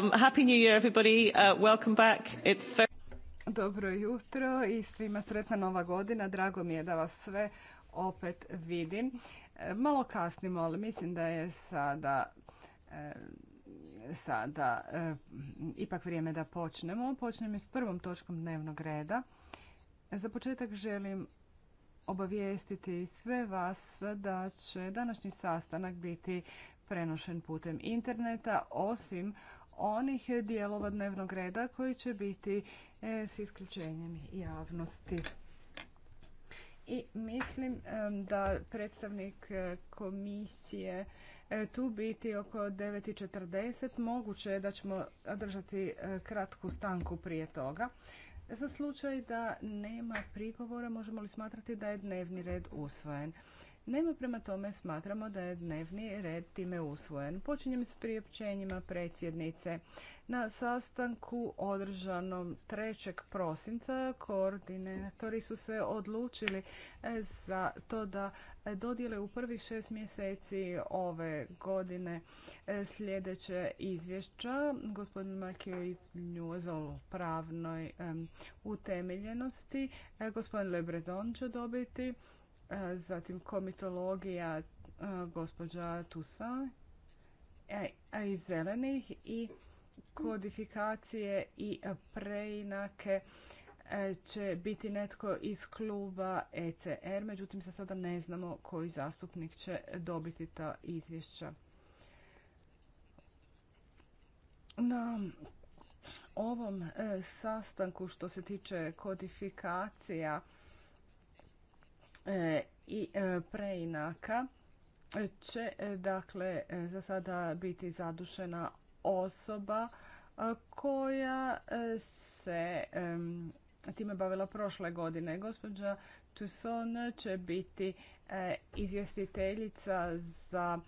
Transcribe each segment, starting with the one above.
Um, happy New Year everybody. Uh, welcome back. Dobro jutro i svima sretna nova godina. Drago mi je da vas sve opet vidim. E, malo kasnimo, ali mislim da je sada e, sada e, ipak vrijeme da počnemo. Počnemo s prvom točkom dnevnog reda. Za početak želim obavijestiti sve vas da će današnji sastanak biti prenošen putem interneta, osim onih dijelova dnevnog reda koji će biti e, s isključenjem javnosti. I mislim e, da predstavnik e, komisije tu biti oko 9.40. Moguće je da ćemo održati kratku stanku prije toga. Za slučaj da nema prigovora, možemo li smatrati da je dnevni red usvojen? Nema prema tome smatramo da je dnevni red time usvojen. Počinjem s priopćenjima predsjednice. Na sastanku održanom 3. prosinca koordinatori su se odlučili e, za to da dodijele u prvih šest mjeseci ove godine e, sljedeće izvješća gospodin Makio iz pravnoj utemeljenosti. E, gospodin Lebredon će dobiti E, zatim komitologija e, gospođa Tusa e, i zelenih i kodifikacije i preinake će biti netko iz kluba ECR, međutim sa sada ne znamo koji zastupnik će dobiti ta izvješća. Na ovom sastanku što se tiče kodifikacija E, i e, preinaka će e, dakle za sada biti zadušena osoba koja se time bavila prošle godine. Gospođa Tusson će biti izvjestiteljica za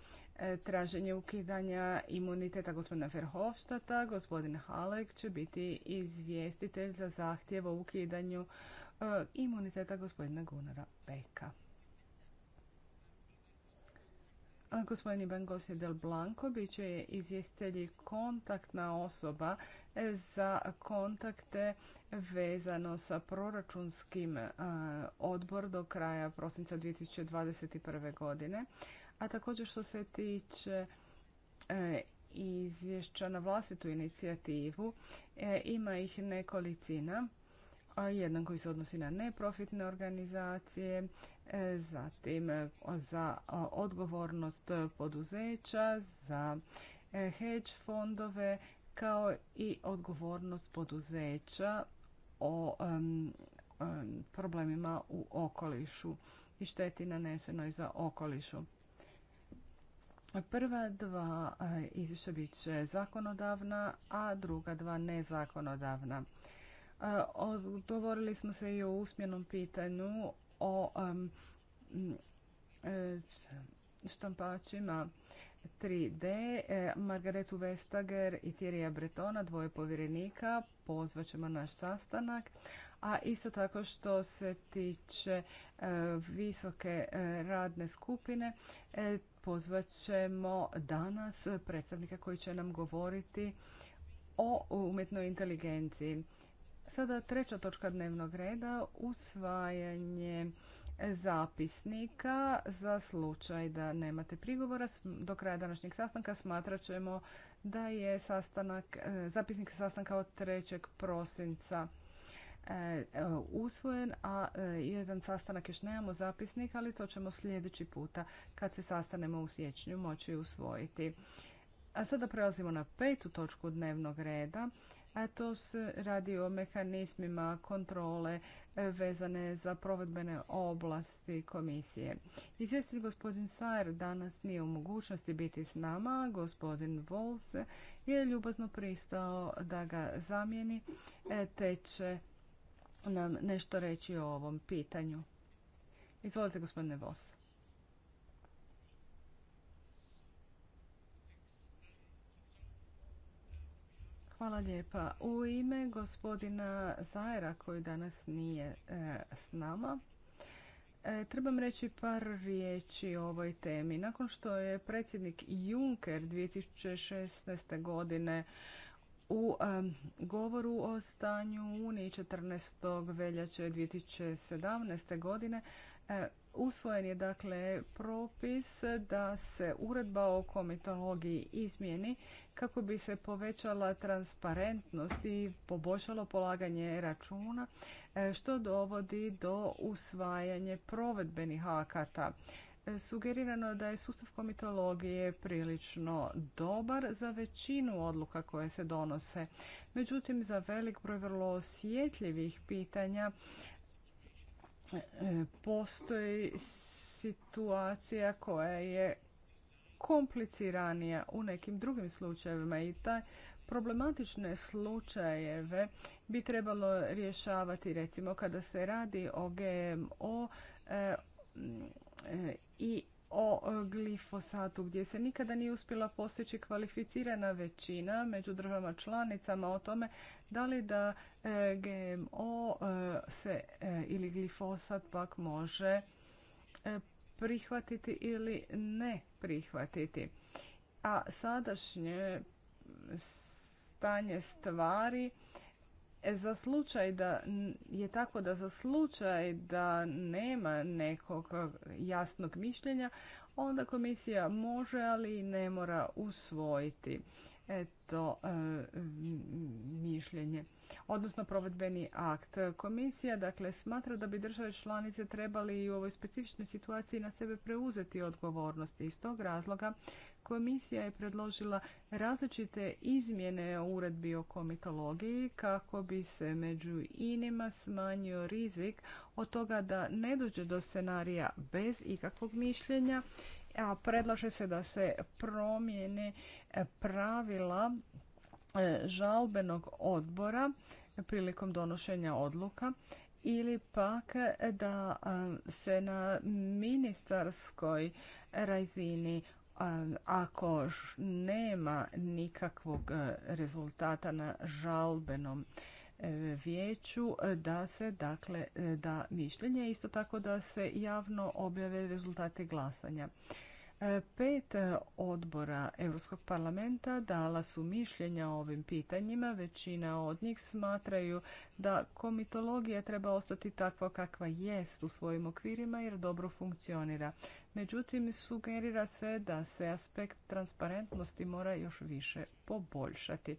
traženje ukidanja imuniteta gospodina Verhofstata. Gospodin Halek će biti izvjestitelj za zahtjev o ukidanju E, imuniteta gospodina Gunara Beka. E, gospodin Gosje del Blanco bit će izvjestitelji kontaktna osoba za kontakte vezano sa proračunskim e, odbor do kraja prosinca 2021. godine. A također što se tiče izvješća na vlastitu inicijativu, ima ih nekolicina a jedan koji se odnosi na neprofitne organizacije, e, zatim e, za odgovornost poduzeća, za e, hedge fondove, kao i odgovornost poduzeća o problemima u okolišu i šteti nanesenoj za okolišu. Prva dva izvješća bit će zakonodavna, a druga dva nezakonodavna. E, odgovorili smo se i o usmjenom pitanju o e, štampačima 3D, e, Margaretu Vestager i Tirija Bretona, dvoje povjerenika, pozvat ćemo naš sastanak. A isto tako što se tiče visoke radne skupine, pozvat ćemo danas predstavnika koji će nam govoriti o umjetnoj inteligenciji. Sada treća točka dnevnog reda, usvajanje zapisnika za slučaj da nemate prigovora. Do kraja današnjeg sastanka smatrat ćemo da je sastanak, e, zapisnik sastanka od 3. prosinca e, e, usvojen, a jedan sastanak još nemamo zapisnik, ali to ćemo sljedeći puta kad se sastanemo u siječnju moći usvojiti. A sada prelazimo na petu točku dnevnog reda, a to se radi o mehanizmima kontrole vezane za provedbene oblasti komisije. Izvjestitelj gospodin Sajer danas nije u mogućnosti biti s nama. Gospodin Wolfs je ljubazno pristao da ga zamijeni e, te će nam nešto reći o ovom pitanju. Izvolite gospodine Wolfs. Hvala lijepa. U ime gospodina Zajera koji danas nije e, s nama, e, trebam reći par riječi o ovoj temi. Nakon što je predsjednik Juncker 2016. godine u e, govoru o stanju Uniji 14. veljače 2017. godine Usvojen je dakle propis da se uredba o komitologiji izmijeni kako bi se povećala transparentnost i poboljšalo polaganje računa e, što dovodi do usvajanja provedbenih akata. E, sugerirano je da je sustav komitologije prilično dobar za većinu odluka koje se donose. Međutim, za velik broj vrlo osjetljivih pitanja Dakle, e, postoji situacija koja je kompliciranija u nekim drugim slučajevima i taj problematične slučajeve bi trebalo rješavati recimo kada se radi o GMO e, e, i o e, glifosatu gdje se nikada nije uspjela postići kvalificirana većina među državama članicama o tome da li da e, GMO e, se ili glifosat pak može prihvatiti ili ne prihvatiti. A sadašnje stanje stvari E, za slučaj da je tako da za slučaj da nema nekog jasnog mišljenja, onda komisija može, ali ne mora usvojiti eto e, mišljenje, odnosno provedbeni akt. Komisija dakle smatra da bi države članice trebali i u ovoj specifičnoj situaciji na sebe preuzeti odgovornosti. Iz tog razloga Komisija je predložila različite izmjene u uredbi o komitologiji kako bi se među inima smanjio rizik od toga da ne dođe do scenarija bez ikakvog mišljenja, a predlaže se da se promijene e, pravila e, žalbenog odbora prilikom donošenja odluka ili pak e, da se na ministarskoj razini ako nema nikakvog e, rezultata na žalbenom e, vijeću e, da se dakle da mišljenje isto tako da se javno objave rezultate glasanja. Pet odbora Europskog parlamenta dala su mišljenja o ovim pitanjima. Većina od njih smatraju da komitologija treba ostati takva kakva jest u svojim okvirima jer dobro funkcionira. Međutim, sugerira se da se aspekt transparentnosti mora još više poboljšati.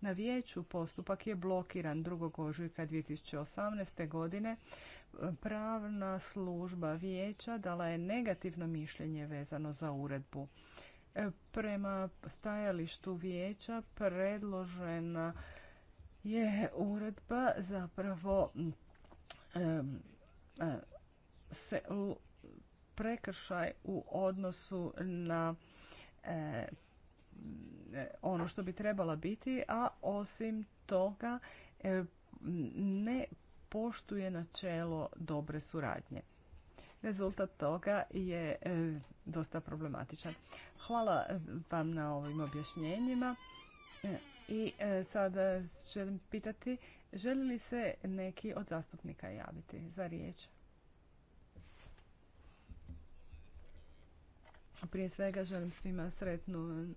Na vijeću postupak je blokiran 2. ožujka 2018. godine. Pravna služba vijeća dala je negativno mišljenje vezano za uredbu. E, prema stajalištu vijeća predložena je uredba zapravo se prekršaj u odnosu na e, ono što bi trebala biti, a osim toga e, ne poštuje načelo dobre suradnje. Rezultat toga je e, dosta problematičan. Hvala vam na ovim objašnjenjima. I sada želim pitati, želi li se neki od zastupnika javiti za riječ? Prije svega želim svima sretnu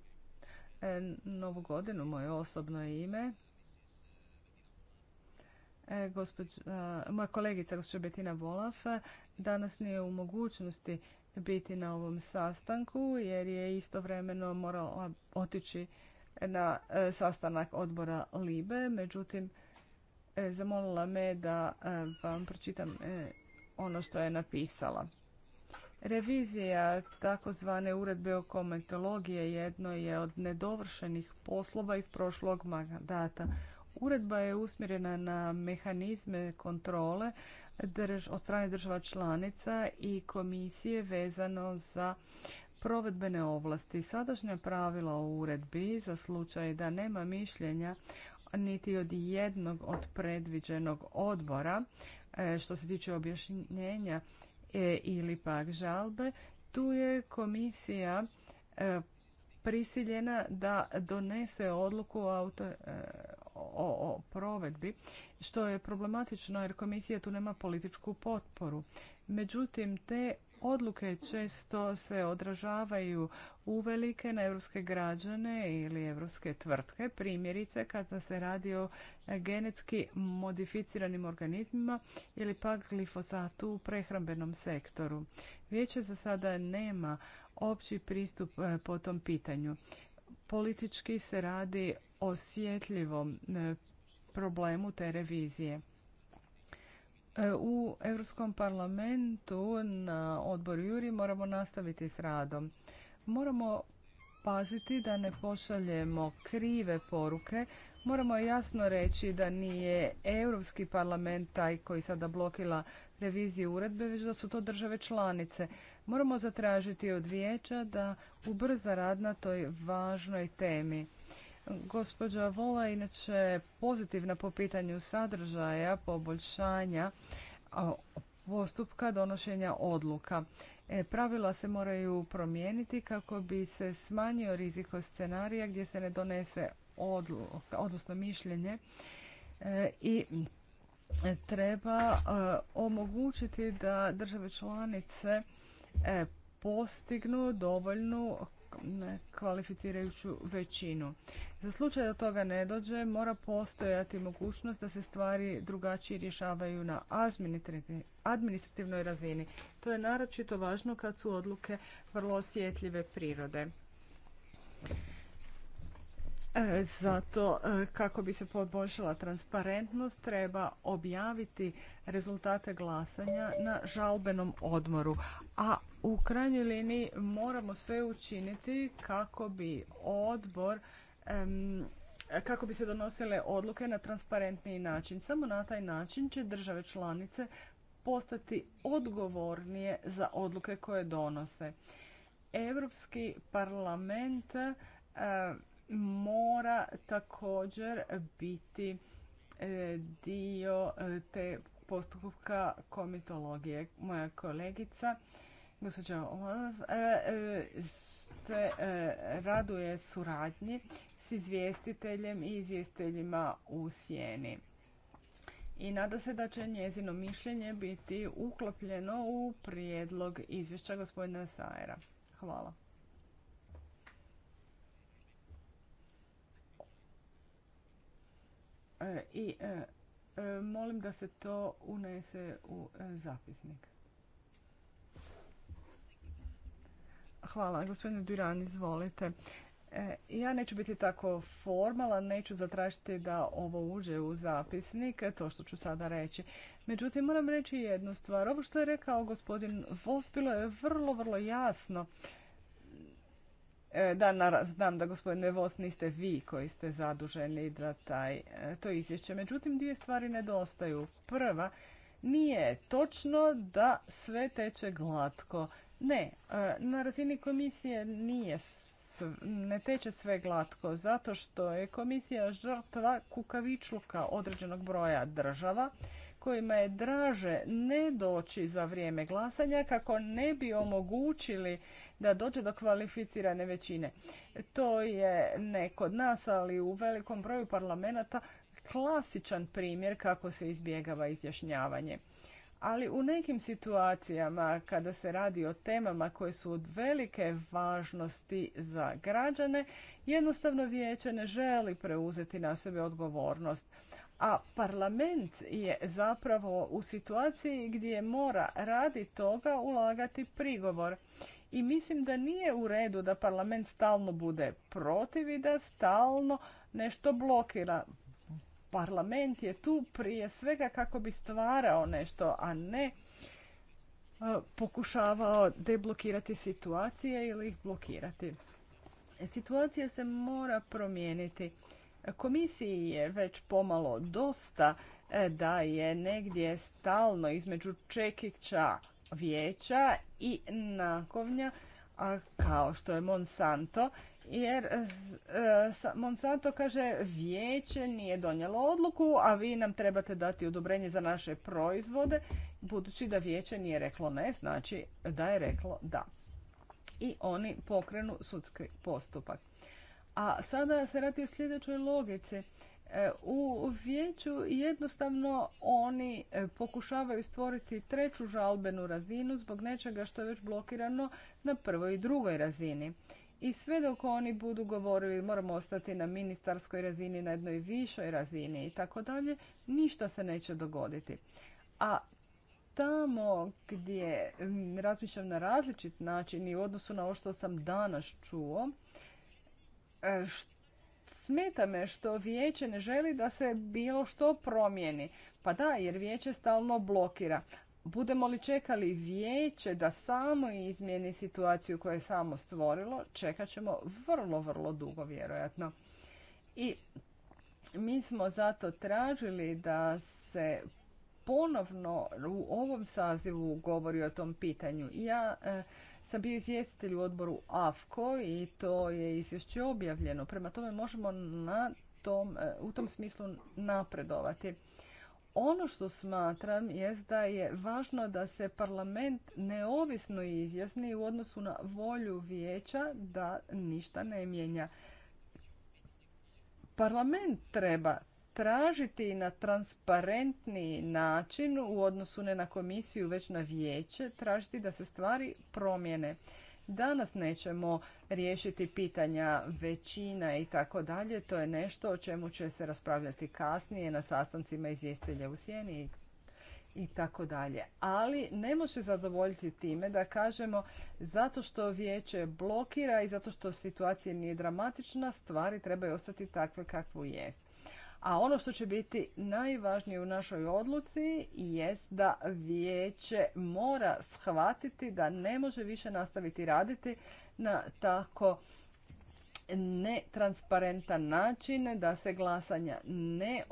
e, novu godinu, moje osobno ime. E, moja kolegica gospođa Betina Volaf danas nije u mogućnosti biti na ovom sastanku jer je istovremeno morala otići na e, sastanak odbora Libe. Međutim, e, zamolila me da vam pročitam ono što je napisala. Revizija takozvane uredbe o komentologije jedno je od nedovršenih poslova iz prošlog mandata. Uredba je usmjerena na mehanizme kontrole od strane država članica i komisije vezano za provedbene ovlasti. Sadašnja pravila o uredbi za slučaj da nema mišljenja niti od jednog od predviđenog odbora e, što se tiče objašnjenja E, ili pak žalbe, tu je komisija e, prisiljena da donese odluku o, e, o, o provedbi, što je problematično jer komisija tu nema političku potporu. Međutim, te odluke često se odražavaju uvelike na europske građane ili europske tvrtke. Primjerice kada se radi o genetski modificiranim organizmima ili pak glifosatu u prehrambenom sektoru. Vijeće za sada nema opći pristup e, po tom pitanju. Politički se radi o osjetljivom e, problemu te revizije. E, u Europskom parlamentu na odboru Juri moramo nastaviti s radom. Moramo paziti da ne pošaljemo krive poruke. Moramo jasno reći da nije Europski parlament taj koji sada blokila reviziju uredbe, već da su to države članice. Moramo zatražiti od vijeća da ubrza rad na toj važnoj temi. Gospođa Vola je inače pozitivna po pitanju sadržaja, poboljšanja postupka donošenja odluka. E, pravila se moraju promijeniti kako bi se smanjio riziko scenarija gdje se ne donese odluka, odnosno mišljenje e, i treba e, omogućiti da države članice postignu dovoljnu kvalificirajuću većinu. Za slučaj da toga ne dođe, mora postojati mogućnost da se stvari drugačije rješavaju na administrativnoj razini. To je naročito važno kad su odluke vrlo osjetljive prirode. E, zato e, kako bi se poboljšala transparentnost treba objaviti rezultate glasanja na žalbenom odmoru, a u krajnjoj liniji moramo sve učiniti kako bi odbor kako bi se donosile odluke na transparentniji način. Samo na taj način će države članice postati odgovornije za odluke koje donose. Europski parlament mora također biti e, dio e, te postupka komitologije. Moja kolegica, gospođa e, se raduje suradnji s izvjestiteljem i izvjestiteljima u sjeni. I nada se da će njezino mišljenje biti uklopljeno u prijedlog izvješća gospodina Sajera. Hvala. E, i e, e, molim da se to unese u zapisnik. Hvala. Gospodine Durani, izvolite. Ja neću biti tako formalan, neću zatražiti da ovo uđe u zapisnik, to što ću sada reći. Međutim, moram reći jednu stvar. Ovo što je rekao gospodin Vospilo je vrlo, vrlo jasno. E, da, znam da gospodine Vos niste vi koji ste zaduženi za taj, e, to izvješće. Međutim, dvije stvari nedostaju. Prva, nije točno da sve teče glatko. Ne, e, na razini komisije nije ne teče sve glatko zato što je komisija žrtva kukavičluka određenog broja država kojima je draže ne doći za vrijeme glasanja kako ne bi omogućili da dođe do kvalificirane većine. To je ne kod nas, ali u velikom broju parlamenta klasičan primjer kako se izbjegava izjašnjavanje. Ali u nekim situacijama kada se radi o temama koje su od velike važnosti za građane, jednostavno vijeće ne želi preuzeti na sebe odgovornost a parlament je zapravo u situaciji gdje mora radi toga ulagati prigovor. I mislim da nije u redu da parlament stalno bude protiv i da stalno nešto blokira. Parlament je tu prije svega kako bi stvarao nešto, a ne e, pokušavao deblokirati situacije ili ih blokirati. Situacija se mora promijeniti. Komisiji je već pomalo dosta e, da je negdje stalno između čekića vijeća i nakovnja a kao što je Monsanto, jer e, e, Monsanto kaže vijeće nije donijelo odluku, a vi nam trebate dati odobrenje za naše proizvode, budući da vijeće nije reklo ne, znači da je reklo da. I oni pokrenu sudski postupak. A sada se radi o sljedećoj logici. E, u vijeću jednostavno oni e, pokušavaju stvoriti treću žalbenu razinu zbog nečega što je već blokirano na prvoj i drugoj razini. I sve dok oni budu govorili moramo ostati na ministarskoj razini, na jednoj višoj razini i tako dalje, ništa se neće dogoditi. A tamo gdje razmišljam na različit način i u odnosu na ovo što sam danas čuo, E, smeta me što vijeće ne želi da se bilo što promijeni. Pa da, jer vijeće stalno blokira. Budemo li čekali vijeće da samo izmijeni situaciju koju je samo stvorilo, čekat ćemo vrlo, vrlo dugo vjerojatno. I mi smo zato tražili da se ponovno u ovom sazivu govori o tom pitanju. Ja e, sam bio izvjestitelj u odboru AFKO i to je izvješće objavljeno. Prema tome možemo na tom, e, u tom smislu napredovati. Ono što smatram je da je važno da se parlament neovisno izjasni u odnosu na volju vijeća da ništa ne mijenja. Parlament treba tražiti na transparentni način u odnosu ne na komisiju već na vijeće, tražiti da se stvari promjene. Danas nećemo riješiti pitanja većina i tako dalje. To je nešto o čemu će se raspravljati kasnije na sastancima izvjestitelja u sjeni i tako dalje. Ali ne može zadovoljiti time da kažemo zato što vijeće blokira i zato što situacija nije dramatična, stvari trebaju ostati takve kakvu jest. A ono što će biti najvažnije u našoj odluci jest da vijeće mora shvatiti da ne može više nastaviti raditi na tako netransparentan način, da se glasanja ne,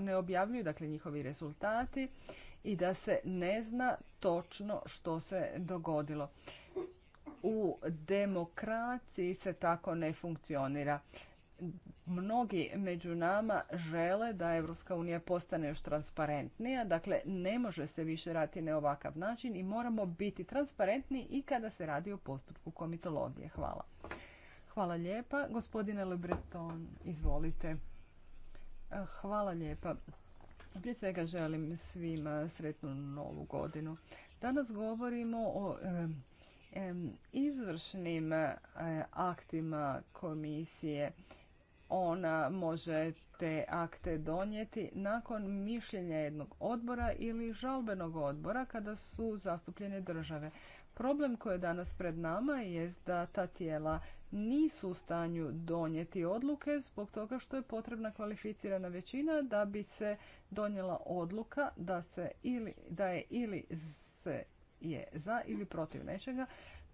ne objavljuju, dakle njihovi rezultati i da se ne zna točno što se dogodilo. U demokraciji se tako ne funkcionira mnogi među nama žele da Evropska unija postane još transparentnija, dakle ne može se više raditi na ovakav način i moramo biti transparentni i kada se radi o postupku komitologije. Hvala. Hvala lijepa. Gospodine Lebreton, izvolite. Hvala lijepa. Prije svega želim svima sretnu novu godinu. Danas govorimo o izvršnim aktima komisije ona može te akte donijeti nakon mišljenja jednog odbora ili žalbenog odbora kada su zastupljene države. Problem koji je danas pred nama je da ta tijela nisu u stanju donijeti odluke zbog toga što je potrebna kvalificirana većina da bi se donijela odluka da se ili da je ili se je za ili protiv nečega.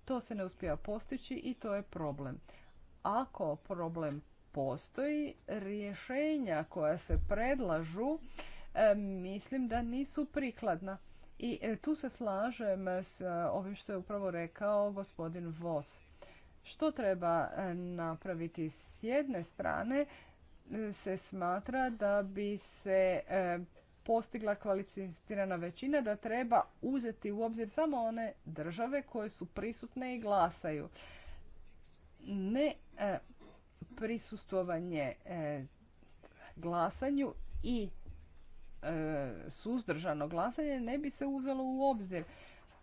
To se ne uspija postići i to je problem. Ako problem postoji rješenja koja se predlažu e, mislim da nisu prikladna. I e, tu se slažem s e, ovim što je upravo rekao gospodin Vos. Što treba napraviti s jedne strane se smatra da bi se postigla kvalificirana većina da treba uzeti u obzir samo one države koje su prisutne i glasaju. Ne prisustvovanje e, glasanju i e, suzdržano glasanje ne bi se uzelo u obzir.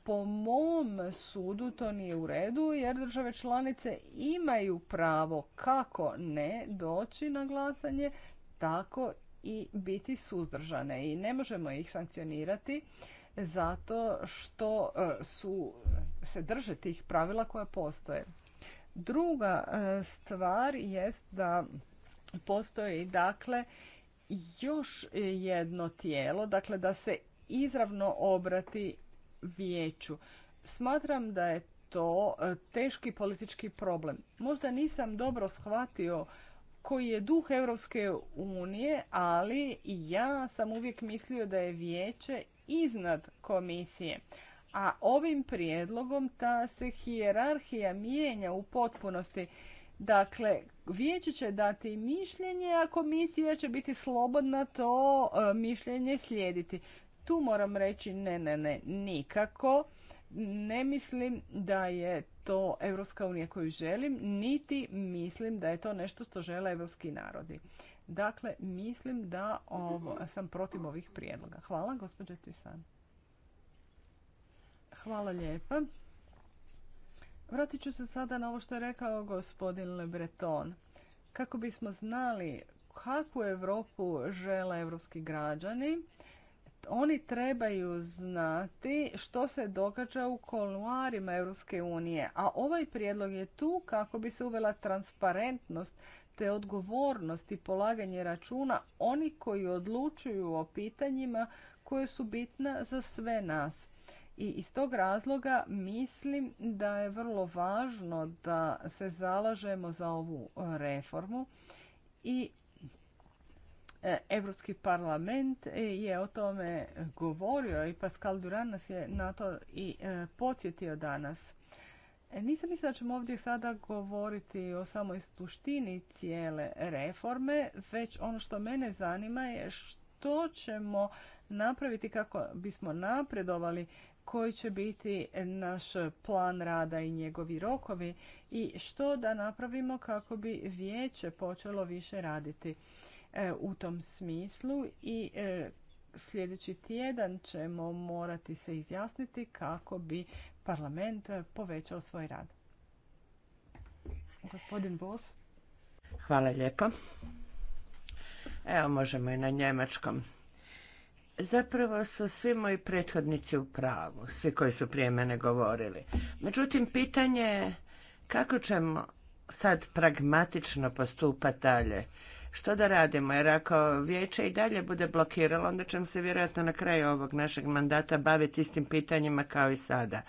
Po mom sudu to nije u redu jer države članice imaju pravo kako ne doći na glasanje, tako i biti suzdržane i ne možemo ih sankcionirati zato što e, su se drže tih pravila koja postoje. Druga e, stvar jest da postoji dakle još jedno tijelo, dakle da se izravno obrati vijeću. Smatram da je to e, teški politički problem. Možda nisam dobro shvatio koji je duh Europske unije, ali ja sam uvijek mislio da je vijeće iznad komisije a ovim prijedlogom ta se hijerarhija mijenja u potpunosti. Dakle, vijeće će dati mišljenje, a komisija će biti slobodna to e, mišljenje slijediti. Tu moram reći ne, ne, ne, nikako. Ne mislim da je to Evropska unija koju želim, niti mislim da je to nešto što žele evropski narodi. Dakle, mislim da sam protiv ovih prijedloga. Hvala, gospođo Tisan. Hvala lijepa. Vratit ću se sada na ovo što je rekao gospodin Le Breton. Kako bismo znali kakvu Europu žele evropski građani, oni trebaju znati što se događa u koluarima Europske unije, a ovaj prijedlog je tu kako bi se uvela transparentnost te odgovornost i polaganje računa oni koji odlučuju o pitanjima koje su bitna za sve nas. I iz tog razloga mislim da je vrlo važno da se zalažemo za ovu e, reformu i e, Europski parlament e, je o tome govorio i Pascal Duran nas je na to i podsjetio danas. Nisam mislila da ćemo ovdje sada govoriti o samoj suštini cijele reforme, već ono što mene zanima je što ćemo napraviti kako bismo napredovali koji će biti naš plan rada i njegovi rokovi i što da napravimo kako bi vijeće počelo više raditi e, u tom smislu i e, sljedeći tjedan ćemo morati se izjasniti kako bi parlament povećao svoj rad. Gospodin Vos. Hvala lijepo. Evo možemo i na njemačkom zapravo su svi moji prethodnici u pravu, svi koji su prije mene govorili. Međutim, pitanje je kako ćemo sad pragmatično postupati dalje što da radimo? Jer ako vijeće i dalje bude blokiralo, onda ćemo se vjerojatno na kraju ovog našeg mandata baviti istim pitanjima kao i sada.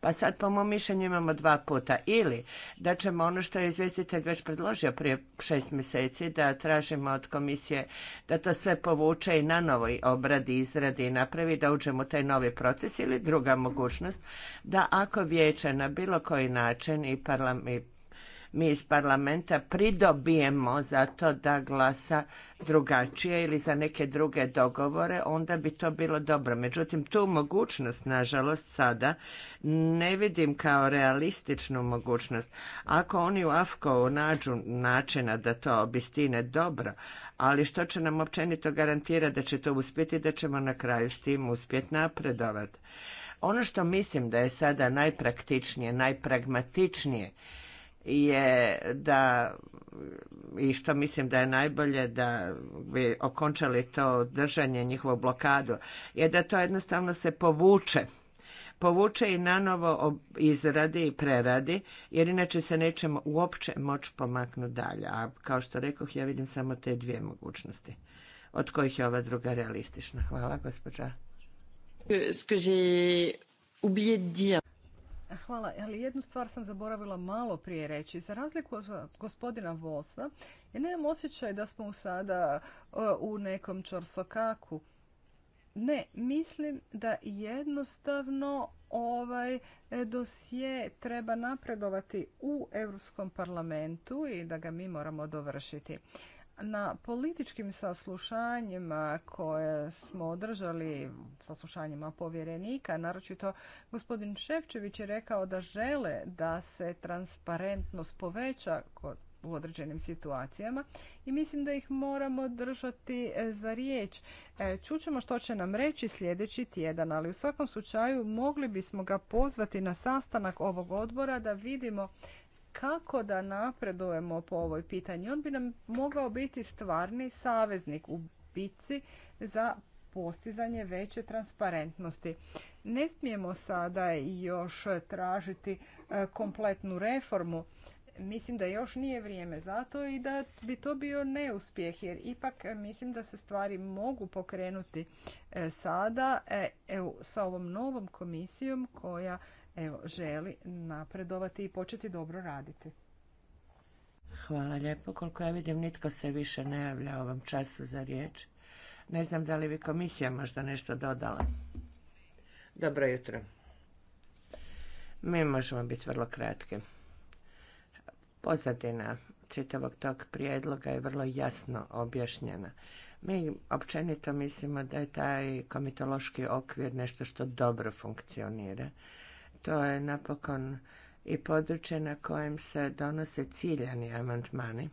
Pa sad po mom mišljenju imamo dva puta. Ili da ćemo ono što je izvjestitelj već predložio prije šest mjeseci, da tražimo od komisije da to sve povuče i na novoj obradi, izradi i napravi, da uđemo u taj novi proces. Ili druga mogućnost, da ako vijeće na bilo koji način i parlament mi iz parlamenta pridobijemo za to da glasa drugačije ili za neke druge dogovore, onda bi to bilo dobro. Međutim, tu mogućnost, nažalost, sada ne vidim kao realističnu mogućnost. Ako oni u AFKO nađu načina da to obistine dobro, ali što će nam općenito garantirati da će to uspjeti, da ćemo na kraju s tim uspjeti napredovati. Ono što mislim da je sada najpraktičnije, najpragmatičnije je da i što mislim da je najbolje da bi okončali to držanje, njihovu blokadu, je da to jednostavno se povuče. Povuče i nanovo izradi i preradi, jer inače se nećemo uopće moći pomaknuti dalje. A kao što rekoh, ja vidim samo te dvije mogućnosti, od kojih je ova druga realistična. Hvala, gospođa. Euh, ce Hvala, ali jednu stvar sam zaboravila malo prije reći. Za razliku od gospodina Vosa, ja nemam osjećaj da smo sada e, u nekom čorsokaku. Ne, mislim da jednostavno ovaj e, dosje treba napredovati u Europskom parlamentu i da ga mi moramo dovršiti na političkim saslušanjima koje smo održali, saslušanjima povjerenika, naročito gospodin Ševčević je rekao da žele da se transparentnost poveća kod u određenim situacijama i mislim da ih moramo držati e, za riječ. E, Čućemo što će nam reći sljedeći tjedan, ali u svakom slučaju mogli bismo ga pozvati na sastanak ovog odbora da vidimo kako da napredujemo po ovoj pitanju. On bi nam mogao biti stvarni saveznik u bitci za postizanje veće transparentnosti. Ne smijemo sada još tražiti e, kompletnu reformu. Mislim da još nije vrijeme za to i da bi to bio neuspjeh jer ipak mislim da se stvari mogu pokrenuti e, sada e, sa ovom novom komisijom koja evo, želi napredovati i početi dobro raditi. Hvala lijepo. Koliko ja vidim, nitko se više ne javlja ovom času za riječ. Ne znam da li bi komisija možda nešto dodala. Dobro jutro. Mi možemo biti vrlo kratki. Pozadina čitavog tog prijedloga je vrlo jasno objašnjena. Mi općenito mislimo da je taj komitološki okvir nešto što dobro funkcionira to je napokon i područje na kojem se donose ciljani amandmani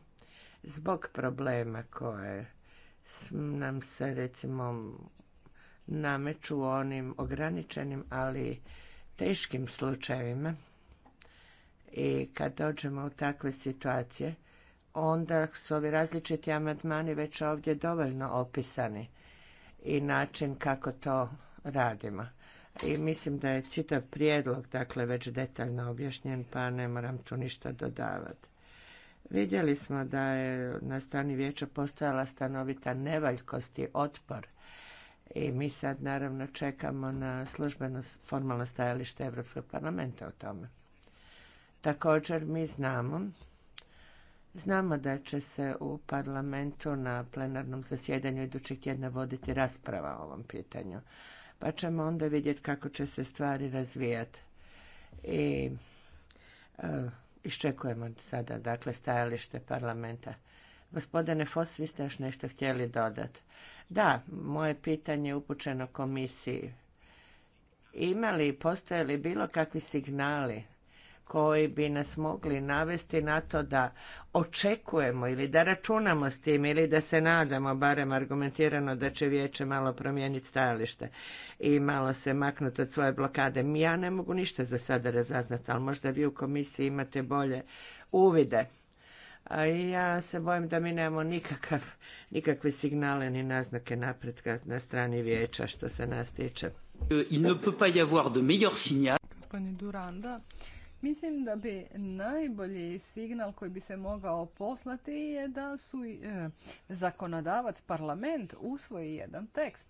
zbog problema koje nam se recimo nameću u onim ograničenim, ali teškim slučajevima. I kad dođemo u takve situacije, onda su ovi različiti amandmani već ovdje dovoljno opisani i način kako to radimo i mislim da je citav prijedlog dakle već detaljno objašnjen pa ne moram tu ništa dodavati. Vidjeli smo da je na strani vijeća postojala stanovita nevaljkost i otpor i mi sad naravno čekamo na službeno formalno stajalište Europskog parlamenta o tome. Također mi znamo Znamo da će se u parlamentu na plenarnom zasjedanju idućeg tjedna voditi rasprava o ovom pitanju pa ćemo onda vidjeti kako će se stvari razvijati. I e, iščekujemo sada, dakle, stajalište parlamenta. Gospodine Fos, vi ste još nešto htjeli dodati. Da, moje pitanje je upućeno komisiji. Ima li, postoje li bilo kakvi signali koji bi nas mogli navesti na to da očekujemo ili da računamo s tim ili da se nadamo barem argumentirano da će vijeće malo promijeniti stajalište i malo se maknuti od svoje blokade. Ja ne mogu ništa za sada razaznati, ali možda vi u komisiji imate bolje uvide. A ja se bojim da mi nemamo nikakav, nikakve signale ni naznake napretka na strani vijeća što se nas tiče. Il ne peut pas y avoir de signal. Mislim da bi najbolji signal koji bi se mogao poslati je da su e, zakonodavac parlament usvoji jedan tekst.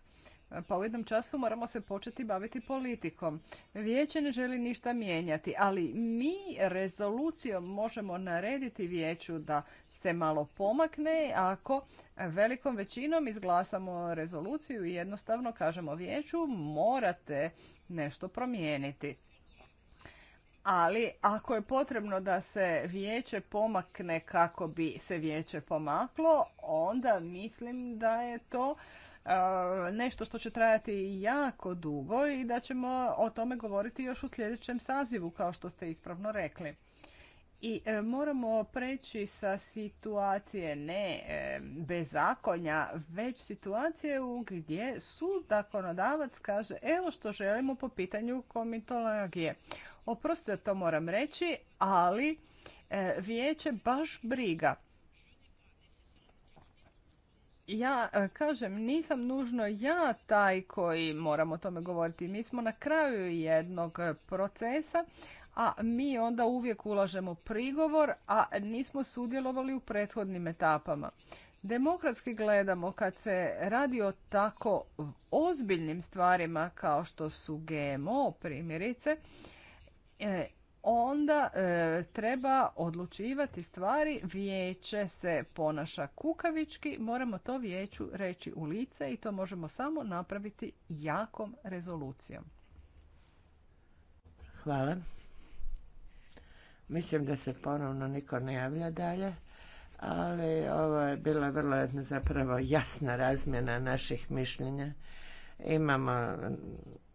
E, pa u jednom času moramo se početi baviti politikom. Vijeće ne želi ništa mijenjati, ali mi rezolucijom možemo narediti vijeću da se malo pomakne ako velikom većinom izglasamo rezoluciju i jednostavno kažemo vijeću morate nešto promijeniti ali ako je potrebno da se vijeće pomakne kako bi se vijeće pomaklo, onda mislim da je to e, nešto što će trajati jako dugo i da ćemo o tome govoriti još u sljedećem sazivu, kao što ste ispravno rekli i e, moramo preći sa situacije ne e, bezakonja, već situacije u gdje sud zakonodavac kaže evo što želimo po pitanju komitologije. Oprostite, to moram reći, ali e, vijeće baš briga. Ja kažem, nisam nužno ja taj koji moram o tome govoriti. Mi smo na kraju jednog procesa a mi onda uvijek ulažemo prigovor, a nismo sudjelovali u prethodnim etapama. Demokratski gledamo kad se radi o tako ozbiljnim stvarima kao što su GMO primjerice, e, onda e, treba odlučivati stvari, vijeće se ponaša kukavički, moramo to vijeću reći u lice i to možemo samo napraviti jakom rezolucijom. Hvala. Mislim da se ponovno niko ne javlja dalje, ali ovo je bila vrlo zapravo jasna razmjena naših mišljenja. Imamo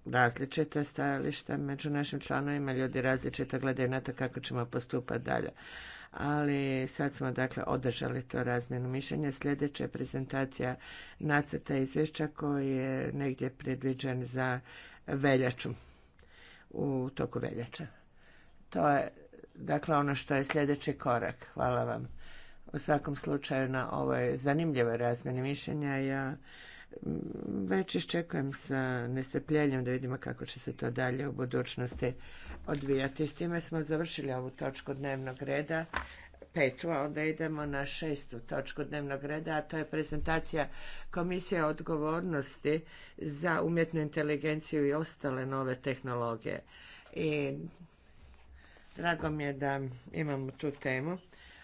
različite stajališta među našim članovima, ljudi različito gledaju na to kako ćemo postupati dalje. Ali sad smo dakle održali to razmjenu mišljenja. Sljedeća je prezentacija nacrta izvješća koji je negdje predviđen za veljaču, u toku veljača. To je dakle ono što je sljedeći korak. Hvala vam. U svakom slučaju na ovoj zanimljivoj razmjeni mišljenja ja mm, već iščekujem sa nestrpljenjem da vidimo kako će se to dalje u budućnosti odvijati. S time smo završili ovu točku dnevnog reda petu, a onda idemo na šestu točku dnevnog reda, a to je prezentacija Komisije odgovornosti za umjetnu inteligenciju i ostale nove tehnologije. I Drago mi je da imamo tu temu.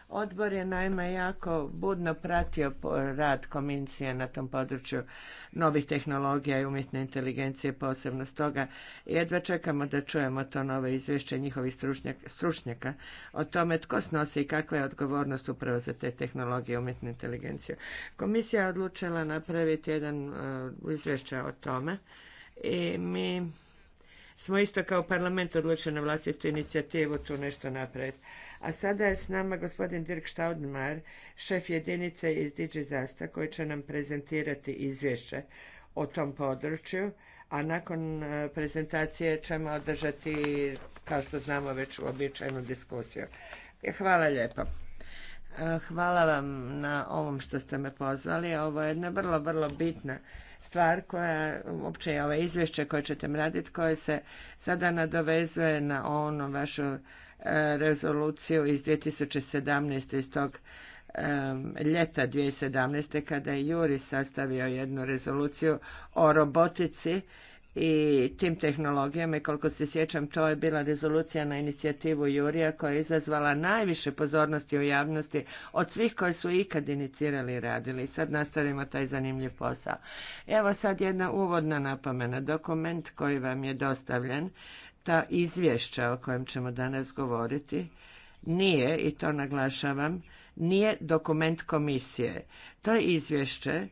Odbor je naime jako budno pratio rad komisije na tom području novih tehnologija i umjetne inteligencije posebno. Stoga jedva čekamo da čujemo to nove izvješće njihovih stručnjaka o tome tko snosi i kakva je odgovornost upravo za te tehnologije i umjetne inteligencije. Komisija je odlučila napraviti jedan e, izvješće o tome i mi smo isto kao parlament odlučili na vlastitu inicijativu tu nešto napraviti. A sada je s nama gospodin Dirk Staudmar, šef jedinice iz Digizasta, koji će nam prezentirati izvješće o tom području, a nakon e, prezentacije ćemo održati, kao što znamo, već uobičajenu diskusiju. E, hvala lijepo. E, hvala vam na ovom što ste me pozvali. Ovo je jedna vrlo, vrlo bitna stvar koja, uopće je ovo izvješće koje ćete mraditi, koje se sada nadovezuje na onu vašu e, rezoluciju iz 2017. iz tog e, ljeta 2017. kada je Juri sastavio jednu rezoluciju o robotici i tim tehnologijama i koliko se sjećam to je bila rezolucija na inicijativu Jurija koja je izazvala najviše pozornosti u javnosti od svih koji su ikad inicirali i radili. I sad nastavimo taj zanimljiv posao. Evo sad jedna uvodna napomena. Dokument koji vam je dostavljen, ta izvješća o kojem ćemo danas govoriti, nije, i to naglašavam, nije dokument komisije. To je izvješće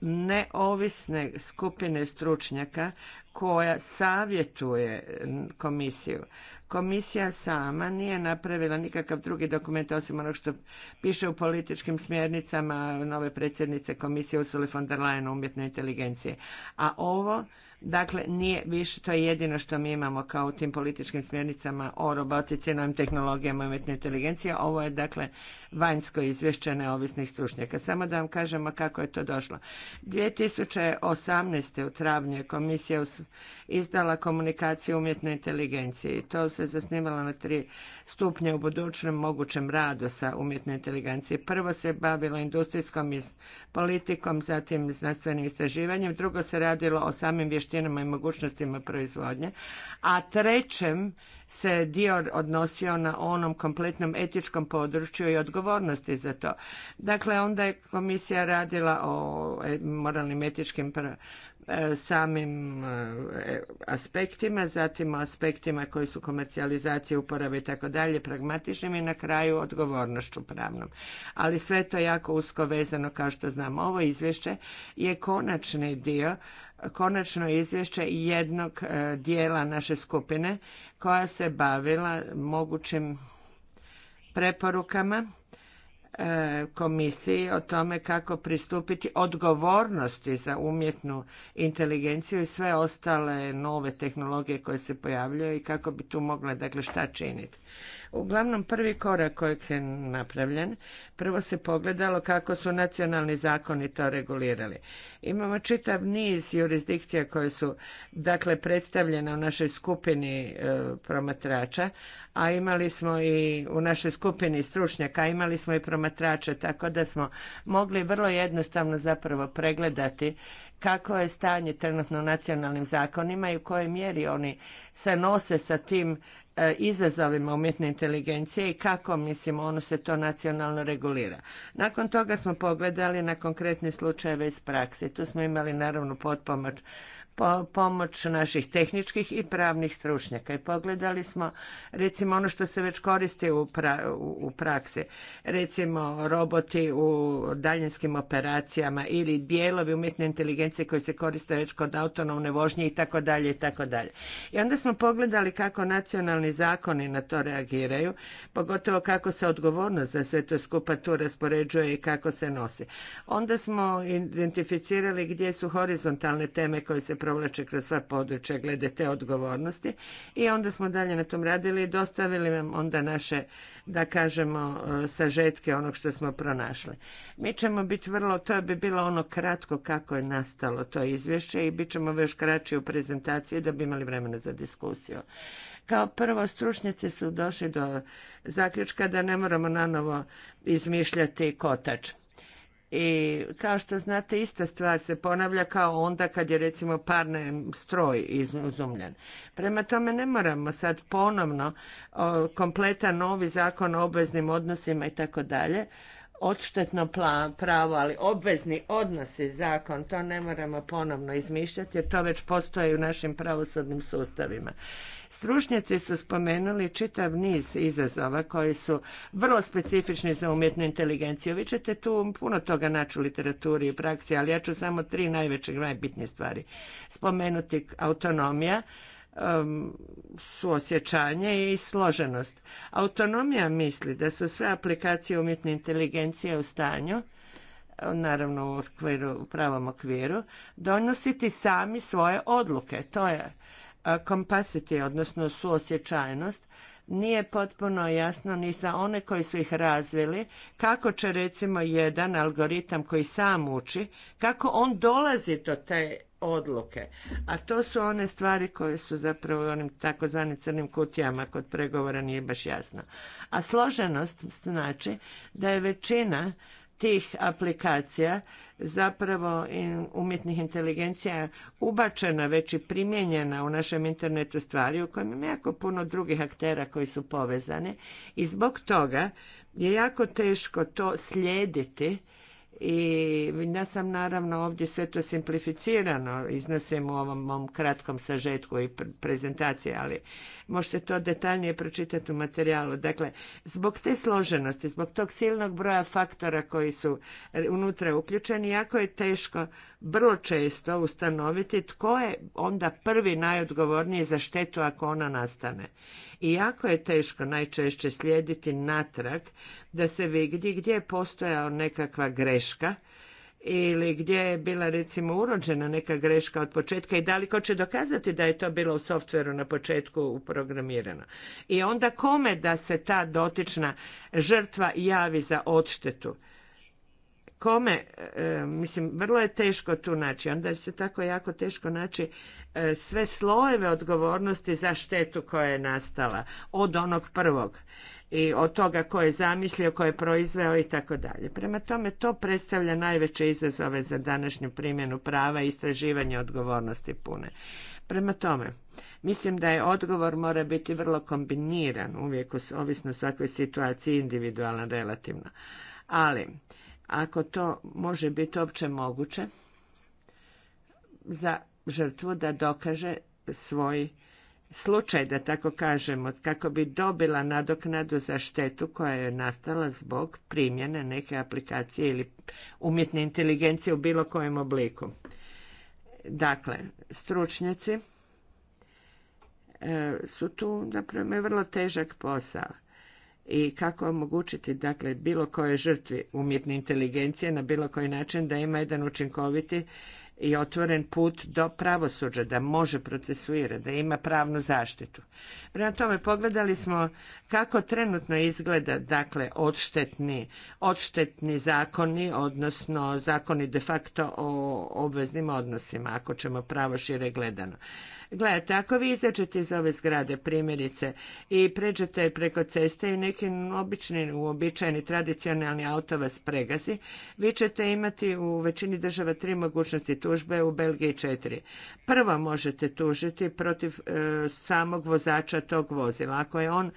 neovisne skupine stručnjaka koja savjetuje komisiju. Komisija sama nije napravila nikakav drugi dokument osim onog što piše u političkim smjernicama nove predsjednice komisije Ursula von der Leyen umjetne inteligencije. A ovo Dakle, nije više, to je jedino što mi imamo kao u tim političkim smjernicama o robotici, novim tehnologijama, umjetne inteligencije. Ovo je, dakle, vanjsko izvješće neovisnih stručnjaka. Samo da vam kažemo kako je to došlo. 2018. u travnju je komisija izdala komunikaciju umjetne inteligencije i to se zasnivalo na tri stupnje u budućem mogućem radu sa umjetne inteligencije. Prvo se bavilo industrijskom politikom, zatim znanstvenim istraživanjem, drugo se radilo o samim vještinama i mogućnostima proizvodnje, a trećem se dio odnosio na onom kompletnom etičkom području i odgovornosti za to. Dakle, onda je komisija radila o moralnim etičkim E, samim e, aspektima, zatim o aspektima koji su komercijalizacije, uporabe i tako dalje, pragmatičnim i na kraju odgovornošću pravnom. Ali sve to jako usko vezano kao što znamo. Ovo izvješće je konačni dio konačno izvješće jednog e, dijela naše skupine koja se bavila mogućim preporukama E, komisiji o tome kako pristupiti odgovornosti za umjetnu inteligenciju i sve ostale nove tehnologije koje se pojavljuju i kako bi tu mogla, dakle šta činiti. Uglavnom, prvi korak kojeg je napravljen, prvo se pogledalo kako su nacionalni zakoni to regulirali. Imamo čitav niz jurisdikcija koje su, dakle, predstavljene u našoj skupini e, promatrača, a imali smo i u našoj skupini stručnjaka, imali smo i promatrače, tako da smo mogli vrlo jednostavno zapravo pregledati kako je stanje trenutno u nacionalnim zakonima i u kojoj mjeri oni se nose sa tim E, izazovima umjetne inteligencije i kako, mislim, ono se to nacionalno regulira. Nakon toga smo pogledali na konkretne slučajeve iz prakse. Tu smo imali, naravno, potpomoć pomoć naših tehničkih i pravnih stručnjaka. I pogledali smo recimo ono što se već koristi u, praksi. Recimo roboti u daljinskim operacijama ili dijelovi umjetne inteligencije koji se koriste već kod autonomne vožnje i tako dalje i tako dalje. I onda smo pogledali kako nacionalni zakoni na to reagiraju, pogotovo kako se odgovornost za sve to skupa tu raspoređuje i kako se nosi. Onda smo identificirali gdje su horizontalne teme koje se provlače kroz sva područja glede te odgovornosti i onda smo dalje na tom radili i dostavili vam onda naše, da kažemo, e, sažetke onog što smo pronašli. Mi ćemo biti vrlo, to bi bilo ono kratko kako je nastalo to izvješće i bit ćemo još kraći u prezentaciji da bi imali vremena za diskusiju. Kao prvo, stručnjaci su došli do zaključka da ne moramo nanovo izmišljati kotač i kao što znate, ista stvar se ponavlja kao onda kad je recimo parne stroj izumljen. Prema tome ne moramo sad ponovno kompletan novi zakon o obveznim odnosima i tako dalje, odštetno pravo, ali obvezni odnosi zakon, to ne moramo ponovno izmišljati jer to već postoji u našim pravosudnim sustavima. Stručnjaci su spomenuli čitav niz izazova koji su vrlo specifični za umjetnu inteligenciju. Vi ćete tu puno toga naći u literaturi i praksi, ali ja ću samo tri najveće, najbitnije stvari spomenuti. Autonomija, um, suosjećanje i složenost. Autonomija misli da su sve aplikacije umjetne inteligencije u stanju naravno u, okviru, u pravom okviru, donositi sami svoje odluke. To je kompasiti, odnosno suosjećajnost, nije potpuno jasno ni za one koji su ih razvili kako će recimo jedan algoritam koji sam uči, kako on dolazi do te odluke. A to su one stvari koje su zapravo u onim takozvanim crnim kutijama kod pregovora nije baš jasno. A složenost znači da je većina tih aplikacija zapravo umjetnih inteligencija ubačena već i primijenjena u našem internetu stvari u kojem ima jako puno drugih aktera koji su povezani i zbog toga je jako teško to slijediti i ja sam naravno ovdje sve to simplificirano iznosim u ovom mom kratkom sažetku i prezentaciji, ali Možete to detaljnije pročitati u materijalu. Dakle, zbog te složenosti, zbog tog silnog broja faktora koji su e, unutra uključeni, jako je teško vrlo često ustanoviti tko je onda prvi najodgovorniji za štetu ako ona nastane. I jako je teško najčešće slijediti natrag da se vidi gdje je postojao nekakva greška ili gdje je bila recimo urođena neka greška od početka i da li ko će dokazati da je to bilo u softveru na početku uprogramirano. I onda kome da se ta dotična žrtva javi za odštetu? Kome, e, mislim, vrlo je teško tu naći, onda se tako jako teško naći e, sve slojeve odgovornosti za štetu koja je nastala od onog prvog i od toga ko je zamislio, ko je proizveo i tako dalje. Prema tome, to predstavlja najveće izazove za današnju primjenu prava i istraživanje odgovornosti pune. Prema tome, mislim da je odgovor mora biti vrlo kombiniran, uvijek ovisno svakoj situaciji, individualno, relativno. Ali, ako to može biti opće moguće, za žrtvu da dokaže svoj slučaj, da tako kažemo, kako bi dobila nadoknadu za štetu koja je nastala zbog primjene neke aplikacije ili umjetne inteligencije u bilo kojem obliku. Dakle, stručnjaci e, su tu je vrlo težak posao i kako omogućiti dakle bilo koje žrtvi umjetne inteligencije na bilo koji način da ima jedan učinkoviti i otvoren put do pravosuđa, da može procesuirati, da ima pravnu zaštitu. Prema tome, pogledali smo kako trenutno izgleda dakle odštetni, odštetni zakoni, odnosno zakoni de facto o obveznim odnosima, ako ćemo pravo šire gledano. Gledajte, ako vi izađete iz ove zgrade, primjerice, i pređete preko ceste i neki obični, uobičajeni, tradicionalni auto vas pregazi, vi ćete imati u većini država tri mogućnosti tužbe, u Belgiji četiri. Prvo možete tužiti protiv e, samog vozača tog vozila. Ako je on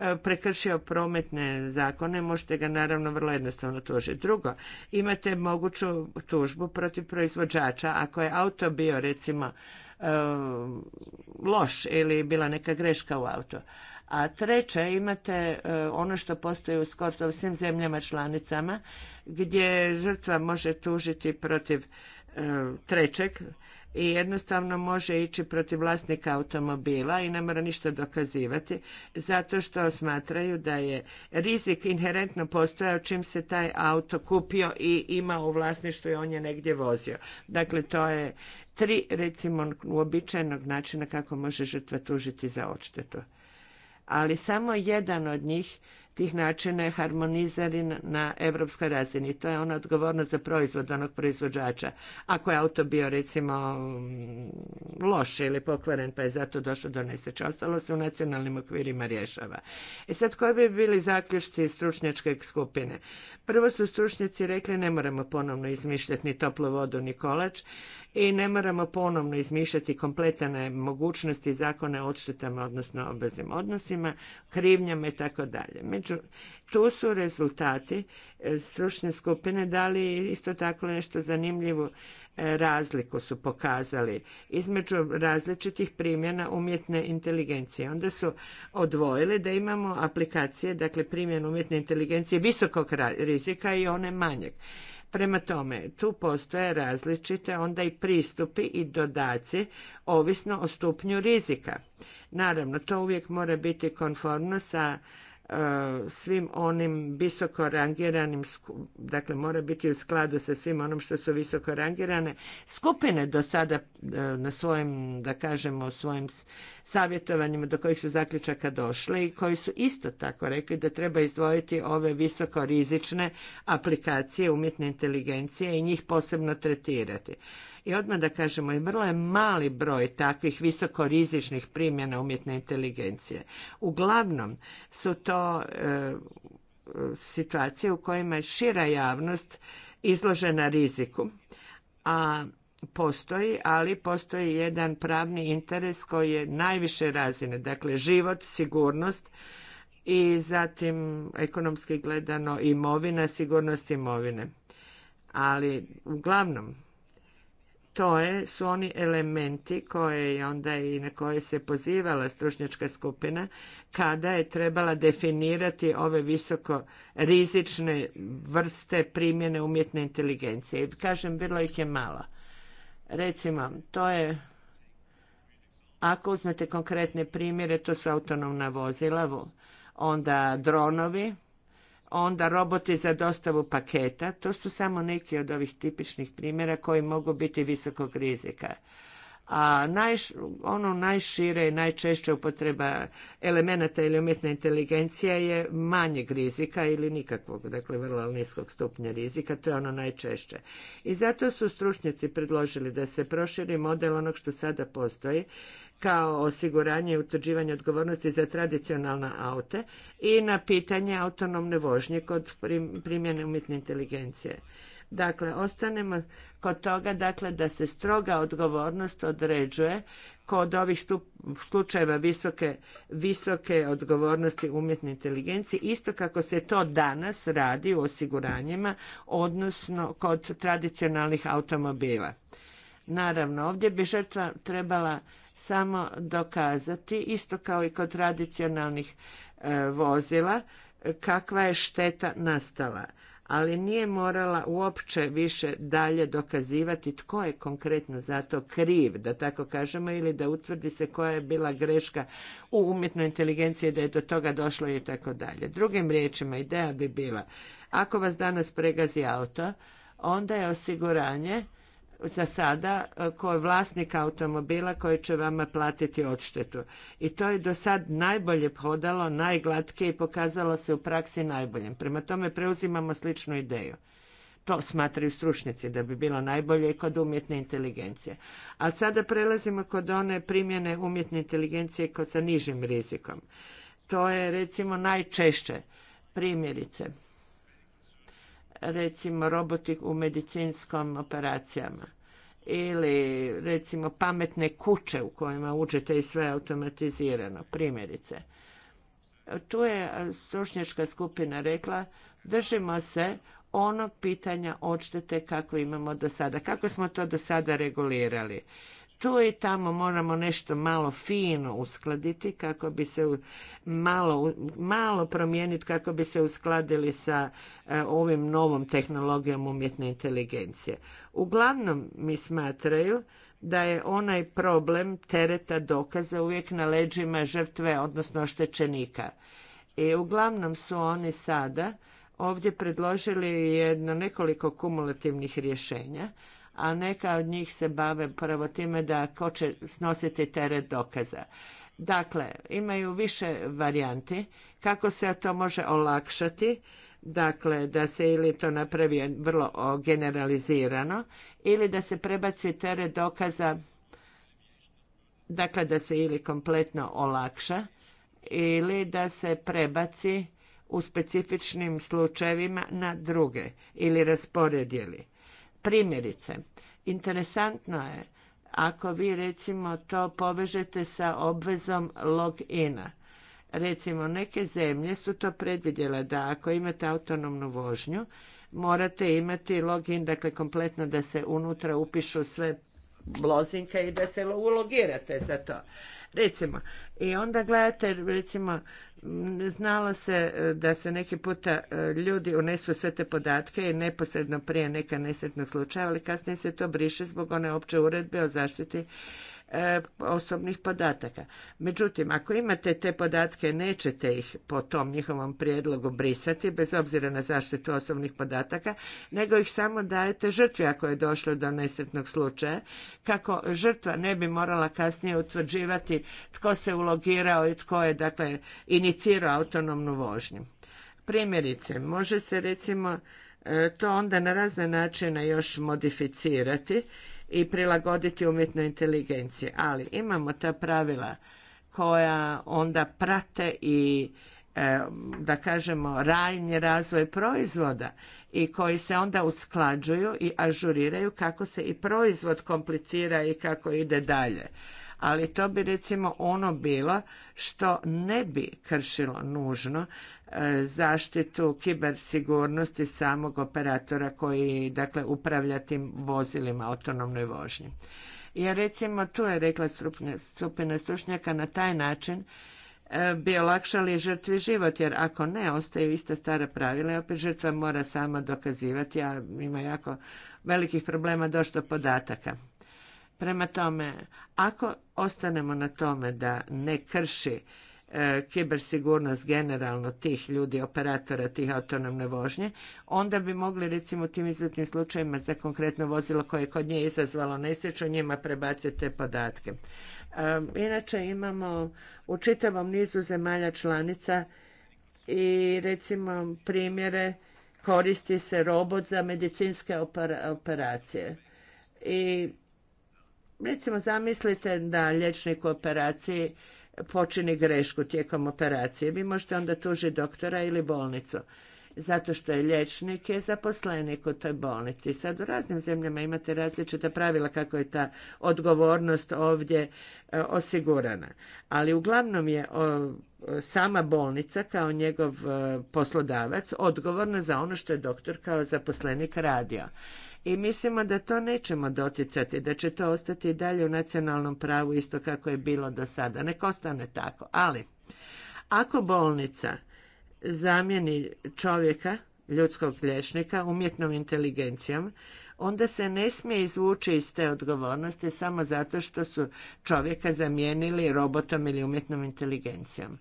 e, prekršio prometne zakone, možete ga naravno vrlo jednostavno tužiti. Drugo, imate moguću tužbu protiv proizvođača. Ako je auto bio recimo Eh, loš ili bila neka greška u auto. A treće, imate eh, ono što postoji u Skotskoj u svim zemljama članicama, gdje žrtva može tužiti protiv eh, trećeg i jednostavno može ići protiv vlasnika automobila i ne mora ništa dokazivati zato što smatraju da je rizik inherentno postojao čim se taj auto kupio i imao u vlasništvu i on je negdje vozio. Dakle, to je tri recimo uobičajenog načina kako može žrtva tužiti za odštetu. Ali samo jedan od njih tih načina je harmonizarin na europskoj razini. To je ona odgovornost za proizvod onog proizvođača. Ako je auto bio recimo loš ili pokvaren pa je zato došlo do nesreće. Ostalo se u nacionalnim okvirima rješava. E sad koji bi bili zaključci stručnjačke skupine? Prvo su stručnjaci rekli ne moramo ponovno izmišljati ni toplu vodu ni kolač i ne moramo ponovno izmišljati kompletane mogućnosti zakone o odštetama, odnosno obveznim odnosima, krivnjama i tako dalje. Među, tu su rezultati e, stručne skupine dali isto tako nešto zanimljivo e, razliku su pokazali između različitih primjena umjetne inteligencije. Onda su odvojili da imamo aplikacije, dakle primjenu umjetne inteligencije visokog rizika i one manjeg. Prema tome, tu postoje različite onda i pristupi i dodaci ovisno o stupnju rizika. Naravno, to uvijek mora biti konformno sa E, svim onim visoko rangiranim, dakle mora biti u skladu sa svim onom što su visoko rangirane skupine do sada e, na svojim, da kažemo, svojim savjetovanjima do kojih su zaključaka došle i koji su isto tako rekli da treba izdvojiti ove visoko rizične aplikacije umjetne inteligencije i njih posebno tretirati. I odmah da kažemo, i vrlo je mali broj takvih visokorizičnih primjena umjetne inteligencije. Uglavnom su to e, situacije u kojima je šira javnost izložena riziku, a postoji, ali postoji jedan pravni interes koji je najviše razine, dakle život, sigurnost i zatim ekonomski gledano imovina, sigurnost imovine. Ali uglavnom to je, su oni elementi koje je onda i na koje se pozivala stručnjačka skupina kada je trebala definirati ove visoko rizične vrste primjene umjetne inteligencije. kažem, bilo ih je malo. Recimo, to je ako uzmete konkretne primjere, to su autonomna vozila, onda dronovi, onda roboti za dostavu paketa. To su samo neki od ovih tipičnih primjera koji mogu biti visokog rizika. A naj, ono najšire i najčešće upotreba elemenata ili umjetna inteligencija je manjeg rizika ili nikakvog, dakle vrlo niskog stupnja rizika, to je ono najčešće. I zato su stručnjaci predložili da se proširi model onog što sada postoji, kao osiguranje i utvrđivanje odgovornosti za tradicionalne aute i na pitanje autonomne vožnje kod primjene umjetne inteligencije. Dakle, ostanemo kod toga dakle, da se stroga odgovornost određuje kod ovih slučajeva visoke, odgovornosti umjetne inteligencije, isto kako se to danas radi u osiguranjima, odnosno kod tradicionalnih automobila. Naravno, ovdje bi žrtva trebala samo dokazati, isto kao i kod tradicionalnih e, vozila, kakva je šteta nastala ali nije morala uopće više dalje dokazivati tko je konkretno za to kriv, da tako kažemo, ili da utvrdi se koja je bila greška u umjetnoj inteligenciji, da je do toga došlo i tako dalje. Drugim riječima, ideja bi bila, ako vas danas pregazi auto, onda je osiguranje za sada e, koji je vlasnik automobila koji će vama platiti odštetu. I to je do sad najbolje hodalo, najglatkije i pokazalo se u praksi najboljem. Prema tome preuzimamo sličnu ideju. To smatraju stručnjaci da bi bilo najbolje i kod umjetne inteligencije. Ali sada prelazimo kod one primjene umjetne inteligencije kod sa nižim rizikom. To je recimo najčešće primjerice recimo robotik u medicinskom operacijama ili recimo pametne kuće u kojima uđete i sve automatizirano, primjerice. Tu je stručnjačka skupina rekla držimo se onog pitanja odštete kako imamo do sada, kako smo to do sada regulirali tu i tamo moramo nešto malo fino uskladiti kako bi se malo, malo promijeniti kako bi se uskladili sa e, ovim novom tehnologijom umjetne inteligencije. Uglavnom mi smatraju da je onaj problem tereta dokaza uvijek na leđima žrtve, odnosno oštećenika. I uglavnom su oni sada ovdje predložili jedno nekoliko kumulativnih rješenja a neka od njih se bave prvo time da ko će snositi teret dokaza. Dakle, imaju više varijanti kako se to može olakšati, dakle da se ili to napravi vrlo generalizirano ili da se prebaci teret dokaza, dakle da se ili kompletno olakša ili da se prebaci u specifičnim slučajevima na druge ili rasporedjeli. Primjerice, interesantno je ako vi recimo to povežete sa obvezom logina. Recimo, neke zemlje su to predvidjele da ako imate autonomnu vožnju, morate imati login, dakle kompletno da se unutra upišu sve blozinke i da se ulogirate za to. Recimo, i onda gledate, recimo, znalo se e, da se neki puta e, ljudi unesu sve te podatke i neposredno prije neka nesretnog slučaja, ali kasnije se to briše zbog one opće uredbe o zaštiti E, osobnih podataka. Međutim, ako imate te podatke, nećete ih po tom njihovom prijedlogu brisati, bez obzira na zaštitu osobnih podataka, nego ih samo dajete žrtvi ako je došlo do nesretnog slučaja, kako žrtva ne bi morala kasnije utvrđivati tko se ulogirao i tko je, dakle, inicirao autonomnu vožnju. Primjerice, može se recimo e, to onda na razne načine još modificirati i prilagoditi umjetnoj inteligenciji. Ali imamo ta pravila koja onda prate i e, da kažemo rajnji razvoj proizvoda i koji se onda usklađuju i ažuriraju kako se i proizvod komplicira i kako ide dalje ali to bi recimo ono bilo što ne bi kršilo nužno e, zaštitu kibersigurnosti samog operatora koji dakle upravlja tim vozilima autonomnoj vožnji. Jer recimo tu je rekla stupina stručnjaka na taj način e, bi olakšali žrtvi život, jer ako ne, ostaju ista stara pravila i opet žrtva mora sama dokazivati, a ima jako velikih problema doći do podataka. Prema tome, ako ostanemo na tome da ne krši e, kibersigurnost generalno tih ljudi, operatora tih autonomne vožnje, onda bi mogli recimo u tim izletnim slučajevima za konkretno vozilo koje je kod nje izazvalo nesreću njima prebaciti te podatke. E, inače imamo u čitavom nizu zemalja članica i recimo primjere koristi se robot za medicinske operacije. I Recimo zamislite da liječnik u operaciji počini grešku tijekom operacije. Vi možete onda tužiti doktora ili bolnicu. Zato što je liječnik je zaposlenik u toj bolnici. Sad u raznim zemljama imate različita pravila kako je ta odgovornost ovdje e, osigurana. Ali uglavnom je sama bolnica kao njegov e, poslodavac odgovorna za ono što je doktor kao zaposlenik radio i mislimo da to nećemo doticati, da će to ostati i dalje u nacionalnom pravu isto kako je bilo do sada. Nek ostane tako. Ali, ako bolnica zamijeni čovjeka, ljudskog liječnika, umjetnom inteligencijom, onda se ne smije izvući iz te odgovornosti samo zato što su čovjeka zamijenili robotom ili umjetnom inteligencijom.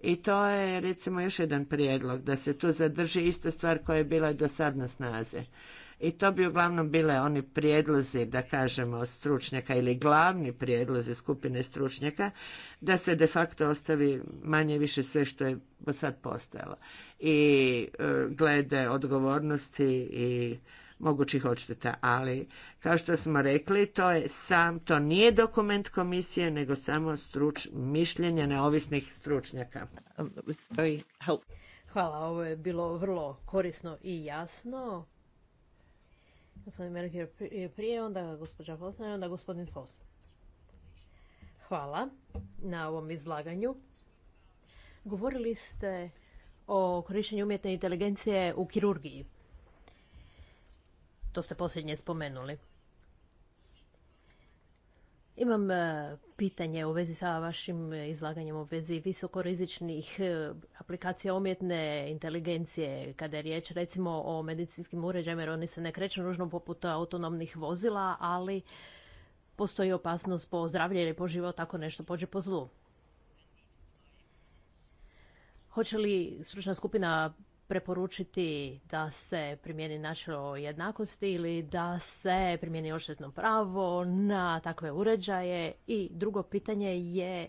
I to je recimo još jedan prijedlog da se tu zadrži ista stvar koja je bila do sad na i to bi uglavnom bile oni prijedlozi, da kažemo, stručnjaka ili glavni prijedlozi skupine stručnjaka, da se de facto ostavi manje više sve što je od sad postojalo. I e, glede odgovornosti i mogućih odšteta, ali kao što smo rekli, to je sam, to nije dokument komisije, nego samo struč, mišljenje neovisnih stručnjaka. Hvala, ovo je bilo vrlo korisno i jasno. Gospodin Merger je prije, onda gospođa Fosna i onda gospodin Fos. Hvala na ovom izlaganju. Govorili ste o korištenju umjetne inteligencije u kirurgiji. To ste posljednje spomenuli. Imam e, pitanje u vezi sa vašim izlaganjem u vezi visokorizičnih e, aplikacija umjetne inteligencije kada je riječ recimo o medicinskim uređajima jer oni se ne kreću nužno poput autonomnih vozila, ali postoji opasnost po zdravlje ili po život ako nešto pođe po zlu. Hoće li stručna skupina preporučiti da se primijeni načelo jednakosti ili da se primijeni oštetno pravo na takve uređaje? I drugo pitanje je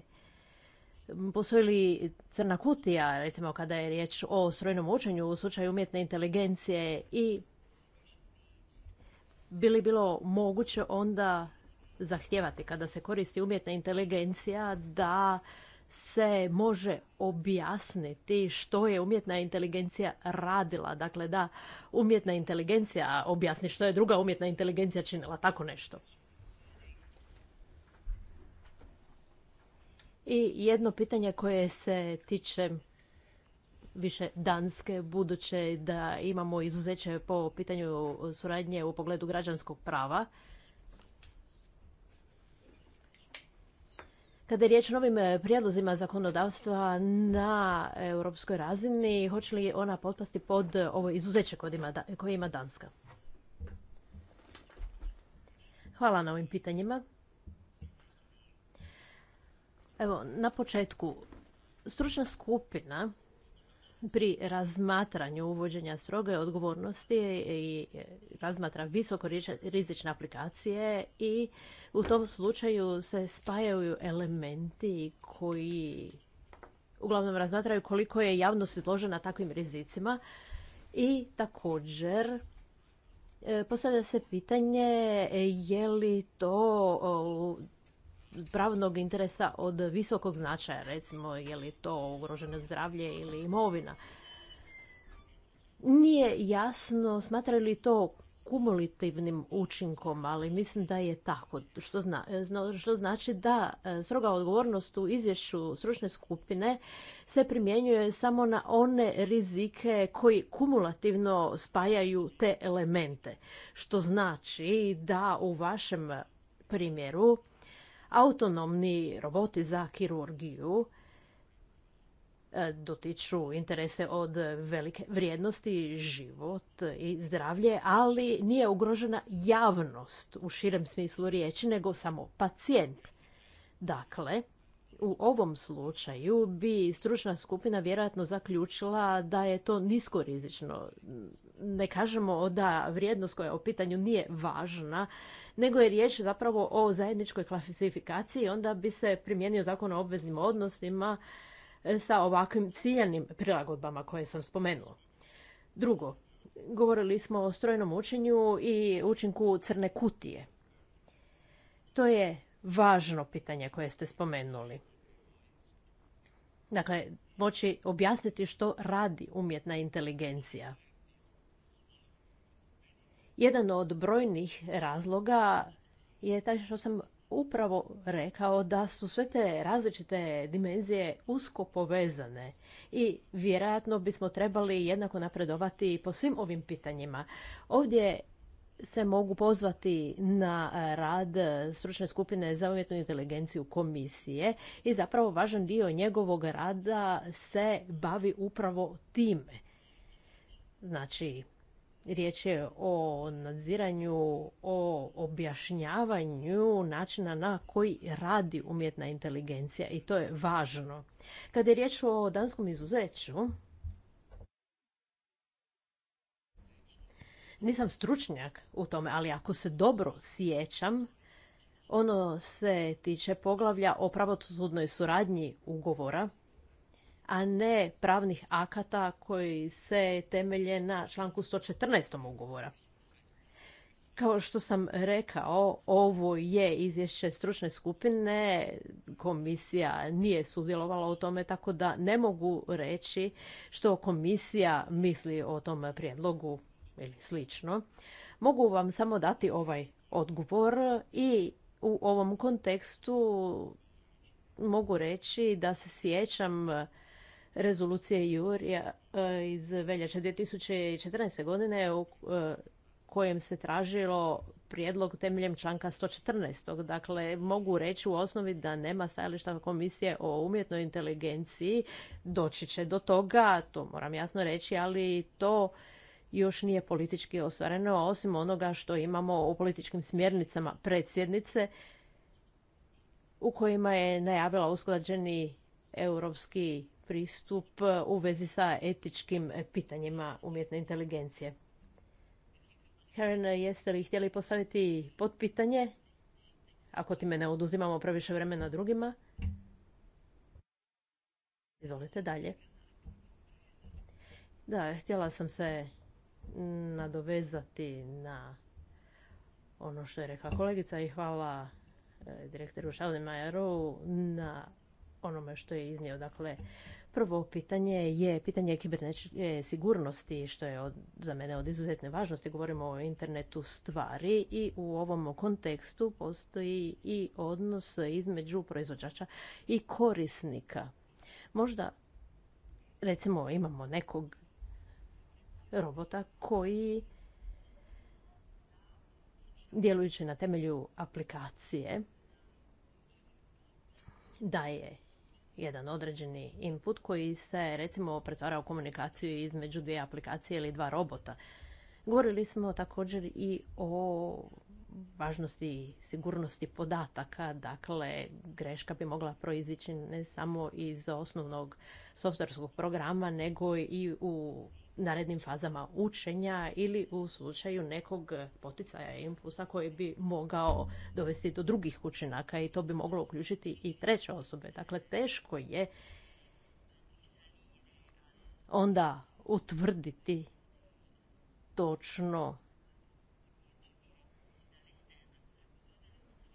postoji li crna kutija, recimo kada je riječ o strojnom učenju u slučaju umjetne inteligencije i bi li bilo moguće onda zahtijevati kada se koristi umjetna inteligencija da se može objasniti što je umjetna inteligencija radila. Dakle, da umjetna inteligencija objasni što je druga umjetna inteligencija činila, tako nešto. I jedno pitanje koje se tiče više Danske, buduće da imamo izuzeće po pitanju suradnje u pogledu građanskog prava. Kada je riječ o novim e, prijedlozima zakonodavstva na europskoj razini, hoće li ona potpasti pod ovo izuzeće koje ima Danska? Hvala na ovim pitanjima. Evo, na početku, stručna skupina pri razmatranju uvođenja stroge odgovornosti i razmatra visoko rizične aplikacije i u tom slučaju se spajaju elementi koji uglavnom razmatraju koliko je javnost izložena takvim rizicima i također e, postavlja se pitanje je li to pravnog interesa od visokog značaja, recimo je li to ugroženo zdravlje ili imovina. Nije jasno smatra li to kumulativnim učinkom, ali mislim da je tako, što, što znači da e, stroga odgovornost u izvješću stručne skupine se primjenjuje samo na one rizike koji kumulativno spajaju te elemente, što znači da u vašem primjeru autonomni roboti za kirurgiju e, dotiču interese od velike vrijednosti, život i zdravlje, ali nije ugrožena javnost u širem smislu riječi, nego samo pacijent. Dakle, u ovom slučaju bi stručna skupina vjerojatno zaključila da je to niskorizično ne kažemo da vrijednost koja je u pitanju nije važna, nego je riječ zapravo o zajedničkoj klasifikaciji, onda bi se primijenio zakon o obveznim odnosima e, sa ovakvim ciljanim prilagodbama koje sam spomenula. Drugo, govorili smo o strojnom učenju i učinku crne kutije. To je važno pitanje koje ste spomenuli. Dakle, moći objasniti što radi umjetna inteligencija. Jedan od brojnih razloga je taj što sam upravo rekao da su sve te različite dimenzije usko povezane i vjerojatno bismo trebali jednako napredovati po svim ovim pitanjima. Ovdje se mogu pozvati na rad stručne skupine za umjetnu inteligenciju komisije i zapravo važan dio njegovog rada se bavi upravo time. Znači, Riječ je o nadziranju, o objašnjavanju načina na koji radi umjetna inteligencija i to je važno. Kada je riječ o danskom izuzeću, nisam stručnjak u tome, ali ako se dobro sjećam, ono se tiče poglavlja o pravosudnoj suradnji ugovora a ne pravnih akata koji se temelje na članku 114. ugovora. Kao što sam rekao, ovo je izvješće stručne skupine, komisija nije sudjelovala u tome, tako da ne mogu reći što komisija misli o tom prijedlogu ili slično. Mogu vam samo dati ovaj odgovor i u ovom kontekstu mogu reći da se sjećam rezolucije Jurija e, iz veljače 2014. godine u e, kojem se tražilo prijedlog temeljem članka 114. Dakle, mogu reći u osnovi da nema stajališta komisije o umjetnoj inteligenciji. Doći će do toga, to moram jasno reći, ali to još nije politički ostvareno, osim onoga što imamo u političkim smjernicama predsjednice, u kojima je najavila usklađeni europski pristup e, u vezi sa etičkim e, pitanjima umjetne inteligencije. Karen, jeste li htjeli postaviti potpitanje? Ako time ne oduzimamo previše vremena drugima. Izvolite dalje. Da, htjela sam se nadovezati na ono što je rekla kolegica i hvala e, direktoru Šaudemajeru na onome što je iznio. Dakle, prvo pitanje je pitanje kibernetičke sigurnosti, što je od, za mene od izuzetne važnosti. Govorimo o internetu stvari i u ovom kontekstu postoji i odnos između proizvođača i korisnika. Možda, recimo, imamo nekog robota koji djelujući na temelju aplikacije daje jedan određeni input koji se recimo pretvara u komunikaciju između dvije aplikacije ili dva robota. Govorili smo također i o važnosti sigurnosti podataka, dakle greška bi mogla proizići ne samo iz osnovnog softverskog programa, nego i u narednim fazama učenja ili u slučaju nekog poticaja impulsa koji bi mogao dovesti do drugih učinaka i to bi moglo uključiti i treće osobe. Dakle, teško je onda utvrditi točno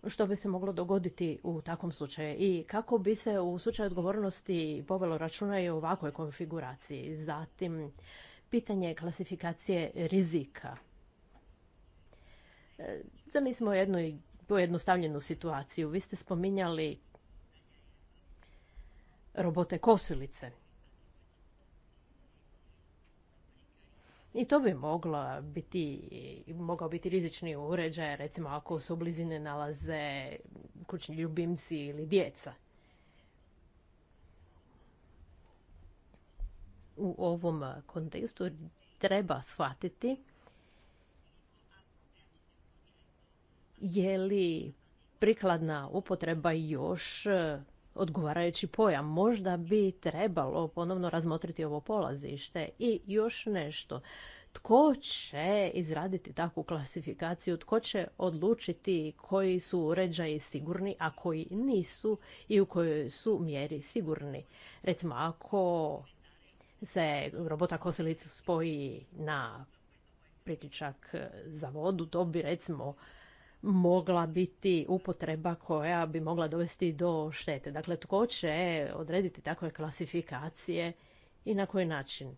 što bi se moglo dogoditi u takvom slučaju i kako bi se u slučaju odgovornosti povelo računa i ovakvoj konfiguraciji. Zatim, pitanje klasifikacije rizika. E, zamislimo jednu pojednostavljenu situaciju. Vi ste spominjali robote kosilice. I to bi mogla biti, mogao biti rizični uređaj, recimo ako se u blizini nalaze kućni ljubimci ili djeca. u ovom kontekstu treba shvatiti je li prikladna upotreba još odgovarajući pojam. Možda bi trebalo ponovno razmotriti ovo polazište i još nešto. Tko će izraditi takvu klasifikaciju, tko će odlučiti koji su uređaji sigurni, a koji nisu i u kojoj su mjeri sigurni. Recimo, ako se robota kosilicu spoji na priključak za vodu, to bi recimo mogla biti upotreba koja bi mogla dovesti do štete. Dakle, tko će odrediti takve klasifikacije i na koji način?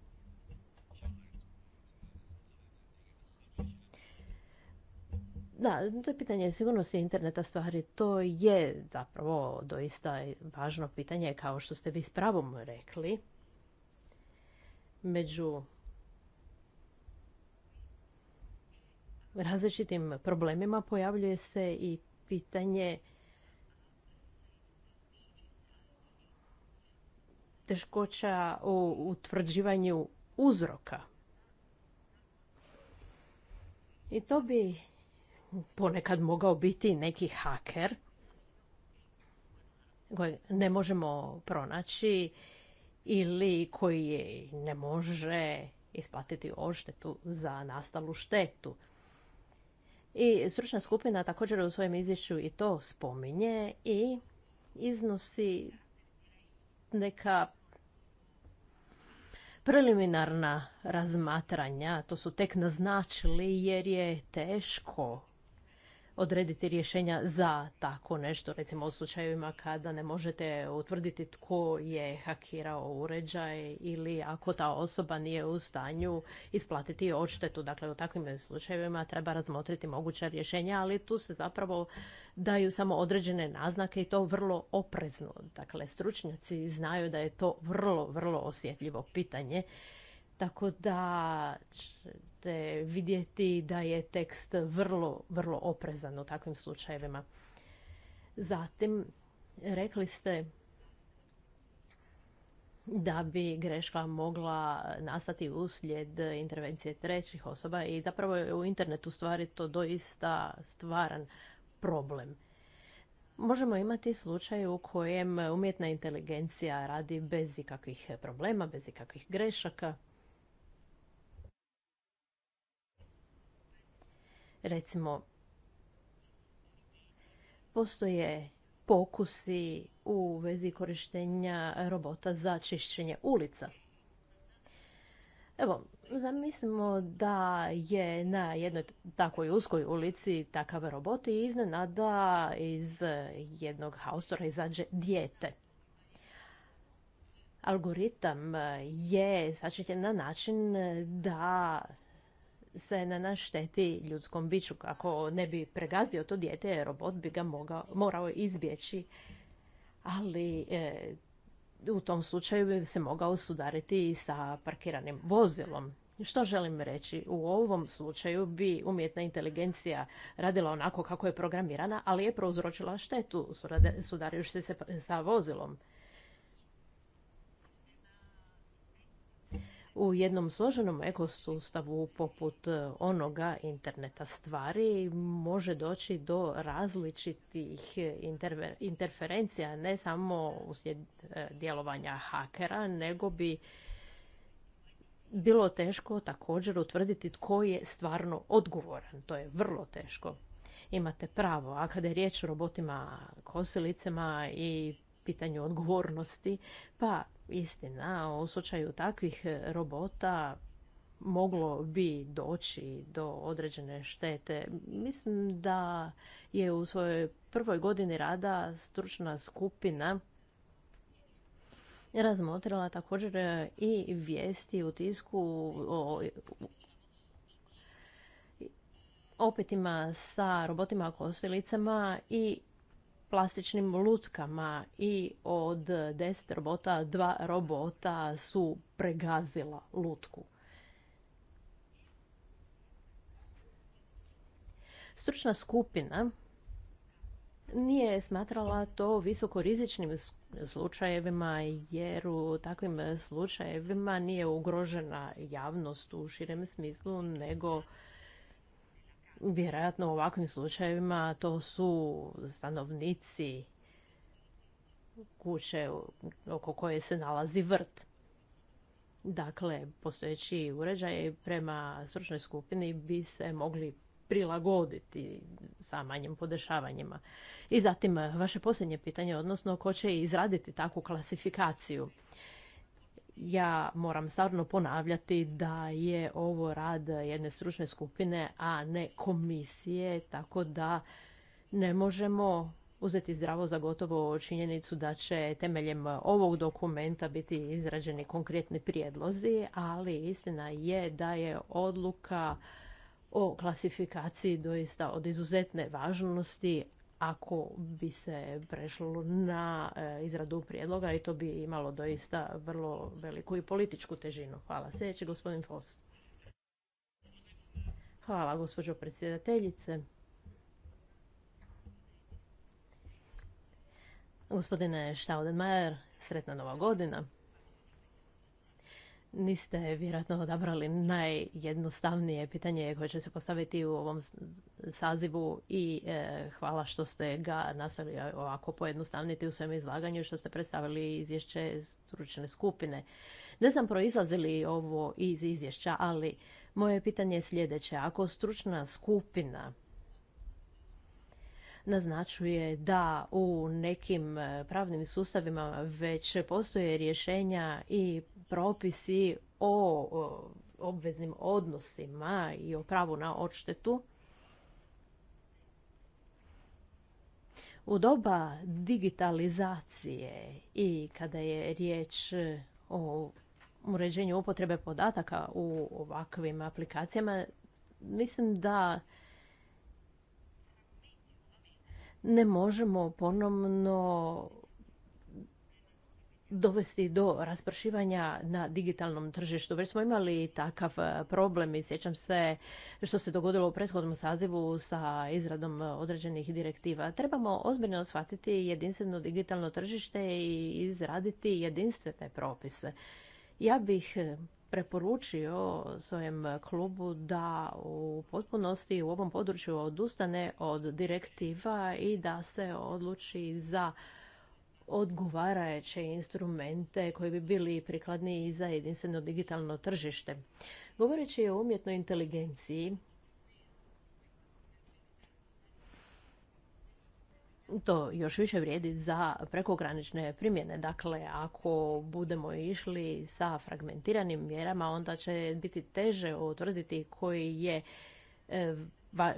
Da, to je pitanje sigurnosti interneta stvari. To je zapravo doista važno pitanje, kao što ste vi s pravom rekli među različitim problemima pojavljuje se i pitanje teškoća u utvrđivanju uzroka. I to bi ponekad mogao biti neki haker koji ne možemo pronaći ili koji ne može isplatiti odštetu za nastalu štetu. I stručna skupina također u svojem izvješću i to spominje i iznosi neka preliminarna razmatranja, to su tek naznačili jer je teško odrediti rješenja za tako nešto, recimo u slučajevima kada ne možete utvrditi tko je hakirao uređaj ili ako ta osoba nije u stanju isplatiti odštetu. Dakle, u takvim slučajevima treba razmotriti moguća rješenja, ali tu se zapravo daju samo određene naznake i to vrlo oprezno. Dakle, stručnjaci znaju da je to vrlo, vrlo osjetljivo pitanje. Tako da te vidjeti da je tekst vrlo, vrlo oprezan u takvim slučajevima. Zatim, rekli ste da bi greška mogla nastati uslijed intervencije trećih osoba i zapravo je u internetu stvari to doista stvaran problem. Možemo imati slučaj u kojem umjetna inteligencija radi bez ikakvih problema, bez ikakvih grešaka. Recimo, postoje pokusi u vezi korištenja robota za čišćenje ulica. Evo, zamislimo da je na jednoj takvoj uskoj ulici takav robot i iznenada iz jednog haustora izađe dijete. Algoritam je sačinjen na način da se ne našteti ljudskom biću. Ako ne bi pregazio to dijete, robot bi ga mogao, morao izbjeći. Ali e, u tom slučaju bi se mogao sudariti i sa parkiranim vozilom. Što želim reći? U ovom slučaju bi umjetna inteligencija radila onako kako je programirana, ali je prouzročila štetu sudarujući se sa vozilom. u jednom složenom ekosustavu poput e, onoga interneta stvari može doći do različitih e, interferencija, ne samo uslijed e, djelovanja hakera, nego bi bilo teško također utvrditi tko je stvarno odgovoran. To je vrlo teško. Imate pravo, a kada je riječ o robotima kosilicama i pitanju odgovornosti, pa istina, u slučaju takvih e, robota moglo bi doći do određene štete. Mislim da je u svojoj prvoj godini rada stručna skupina razmotrila također e, i vijesti u tisku o opetima sa robotima kosilicama i plastičnim lutkama i od deset robota, dva robota su pregazila lutku. Stručna skupina nije smatrala to visokorizičnim slučajevima jer u takvim slučajevima nije ugrožena javnost u širem smislu nego Vjerojatno u ovakvim slučajevima to su stanovnici kuće oko koje se nalazi vrt. Dakle, postojeći uređaj prema stručnoj skupini bi se mogli prilagoditi sa manjim podešavanjima. I zatim, vaše posljednje pitanje, odnosno ko će izraditi takvu klasifikaciju ja moram stvarno ponavljati da je ovo rad jedne stručne skupine, a ne komisije, tako da ne možemo uzeti zdravo za gotovo činjenicu da će temeljem ovog dokumenta biti izrađeni konkretni prijedlozi, ali istina je da je odluka o klasifikaciji doista od izuzetne važnosti, ako bi se prešlo na e, izradu prijedloga i to bi imalo doista vrlo veliku i političku težinu. Hvala. Sljedeći gospodin Fos. Hvala gospođo predsjedateljice. Gospodine Staudenmajer, sretna nova godina. Niste vjerojatno odabrali najjednostavnije pitanje koje će se postaviti u ovom sazivu i e, hvala što ste ga nastavili e, ovako pojednostavniti u svojem izlaganju što ste predstavili izvješće stručne skupine. Ne znam proizlazili ovo iz izvješća, ali moje pitanje je sljedeće. Ako stručna skupina naznačuje da u nekim e, pravnim sustavima već postoje rješenja i propisi o obveznim odnosima i o pravu na odštetu. U doba digitalizacije i kada je riječ o uređenju upotrebe podataka u ovakvim aplikacijama, mislim da ne možemo ponovno dovesti do raspršivanja na digitalnom tržištu. Već smo imali takav e, problem i sjećam se što se dogodilo u prethodnom sazivu sa izradom određenih direktiva. Trebamo ozbiljno shvatiti jedinstveno digitalno tržište i izraditi jedinstvene propise. Ja bih e, preporučio svojem klubu da u potpunosti u ovom području odustane od direktiva i da se odluči za odgovarajuće instrumente koji bi bili prikladni i za jedinstveno digitalno tržište. Govoreći o umjetnoj inteligenciji, to još više vrijedi za prekogranične primjene. Dakle, ako budemo išli sa fragmentiranim mjerama, onda će biti teže utvrditi koji je e,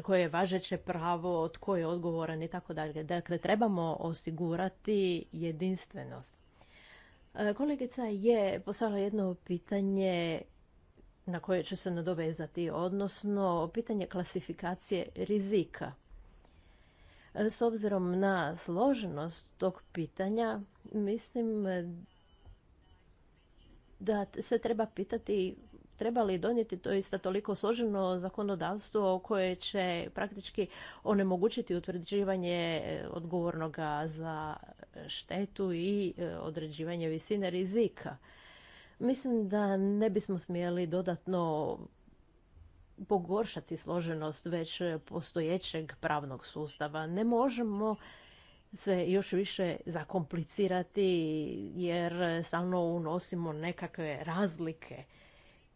koje je važeće pravo, tko je odgovoran i tako dalje. Dakle, trebamo osigurati jedinstvenost. E, kolegica je postavila jedno pitanje na koje ću se nadovezati, odnosno pitanje klasifikacije rizika. E, s obzirom na složenost tog pitanja, mislim e, da se treba pitati treba li donijeti to isto toliko složeno zakonodavstvo koje će praktički onemogućiti utvrđivanje e, odgovornoga za štetu i određivanje visine rizika. Mislim da ne bismo smjeli dodatno pogoršati složenost već e, postojećeg pravnog sustava. Ne možemo se još više zakomplicirati jer stalno unosimo nekakve razlike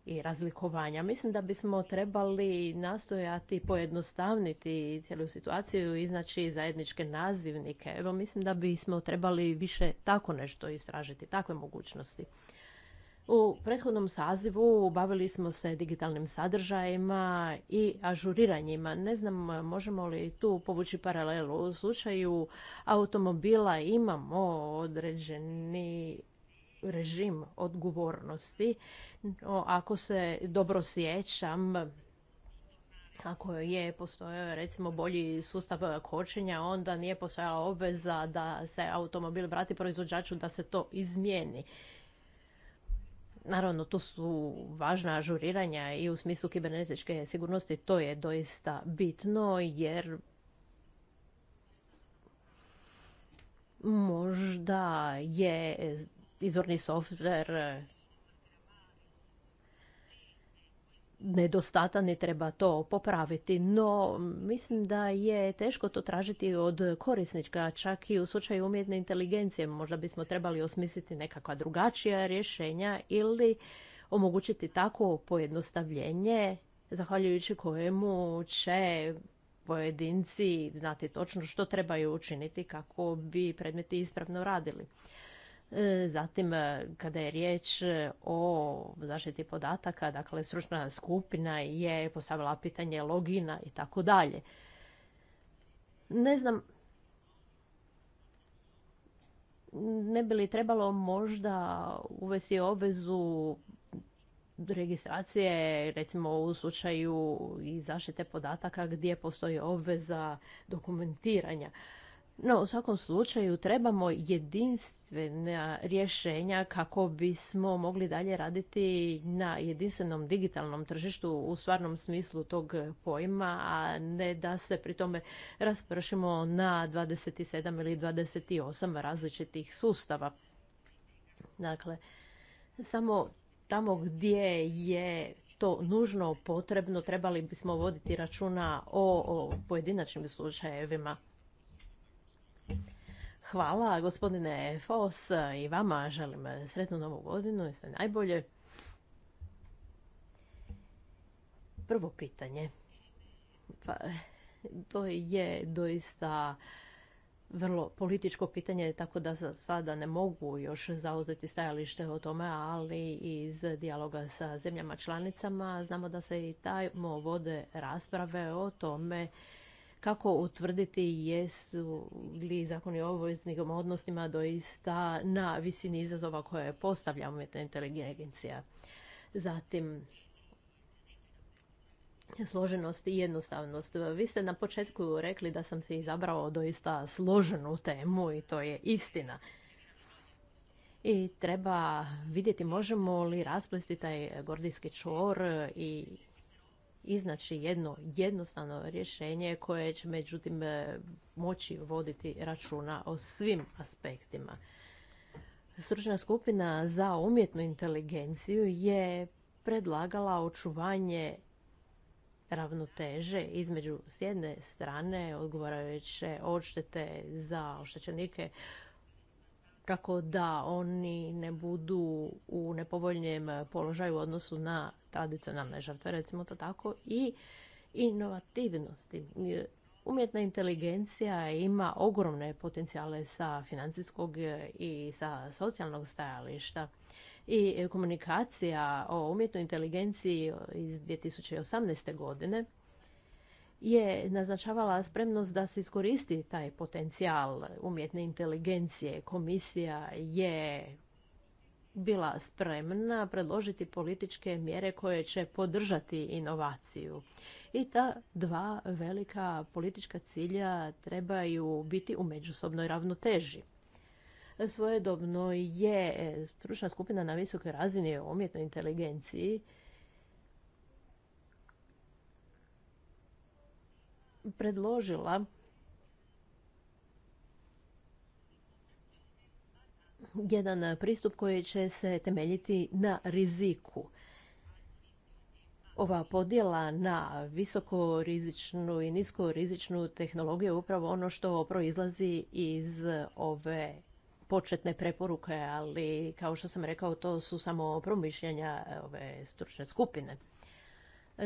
i razlikovanja. Mislim da bismo trebali nastojati pojednostavniti cijelu situaciju i znači zajedničke nazivnike. Evo mislim da bismo trebali više tako nešto istražiti, takve mogućnosti. U prethodnom sazivu bavili smo se digitalnim sadržajima i ažuriranjima. Ne znam možemo li tu povući paralelu. U slučaju automobila imamo određeni režim odgovornosti. No, ako se dobro sjećam, ako je postojao recimo bolji sustav kočenja, onda nije postojala obveza da se automobil vrati proizvođaču da se to izmijeni. Naravno, tu su važna ažuriranja i u smislu kibernetičke sigurnosti to je doista bitno jer možda je izvorni softver nedostatan i treba to popraviti. No, mislim da je teško to tražiti od korisnička, čak i u slučaju umjetne inteligencije. Možda bismo trebali osmisliti nekakva drugačija rješenja ili omogućiti tako pojednostavljenje zahvaljujući kojemu će pojedinci znati točno što trebaju učiniti kako bi predmeti ispravno radili. E, zatim, e, kada je riječ e, o zaštiti podataka, dakle, stručna skupina je postavila pitanje logina i tako dalje. Ne znam, ne bi li trebalo možda uvesti obvezu registracije, recimo u slučaju i zaštite podataka gdje postoji obveza dokumentiranja. No, u svakom slučaju trebamo jedinstvena rješenja kako bismo mogli dalje raditi na jedinstvenom digitalnom tržištu u stvarnom smislu tog pojma, a ne da se pri tome raspršimo na 27 ili 28 različitih sustava. Dakle, samo tamo gdje je to nužno potrebno, trebali bismo voditi računa o, o pojedinačnim slučajevima. Hvala gospodine Fos i vama želim sretnu novu godinu i sve najbolje. Prvo pitanje. Pa, to je doista vrlo političko pitanje, tako da sada ne mogu još zauzeti stajalište o tome, ali iz dijaloga sa zemljama članicama znamo da se i tajmo vode rasprave o tome kako utvrditi jesu li zakoni o obveznim odnosima doista na visini izazova koje postavlja umjetna inteligencija. Zatim, složenost i jednostavnost. Vi ste na početku rekli da sam se izabrao doista složenu temu i to je istina. I treba vidjeti možemo li rasplesti taj gordijski čvor i iznaći jedno jednostavno rješenje koje će međutim e, moći voditi računa o svim aspektima. Stručna skupina za umjetnu inteligenciju je predlagala očuvanje ravnoteže između s jedne strane odgovarajuće odštete za oštećenike kako da oni ne budu u nepovoljnijem položaju u odnosu na tradicionalne žrtve, recimo to tako, i inovativnosti. Umjetna inteligencija ima ogromne potencijale sa financijskog i sa socijalnog stajališta. I komunikacija o umjetnoj inteligenciji iz 2018. godine je naznačavala spremnost da se iskoristi taj potencijal umjetne inteligencije. Komisija je bila spremna predložiti političke mjere koje će podržati inovaciju. I ta dva velika politička cilja trebaju biti u međusobnoj ravnoteži. Svojedobno je stručna skupina na visokoj razini o umjetnoj inteligenciji predložila jedan pristup koji će se temeljiti na riziku. Ova podjela na visokorizičnu i niskorizičnu tehnologiju je upravo ono što proizlazi iz ove početne preporuke, ali kao što sam rekao, to su samo promišljanja ove stručne skupine.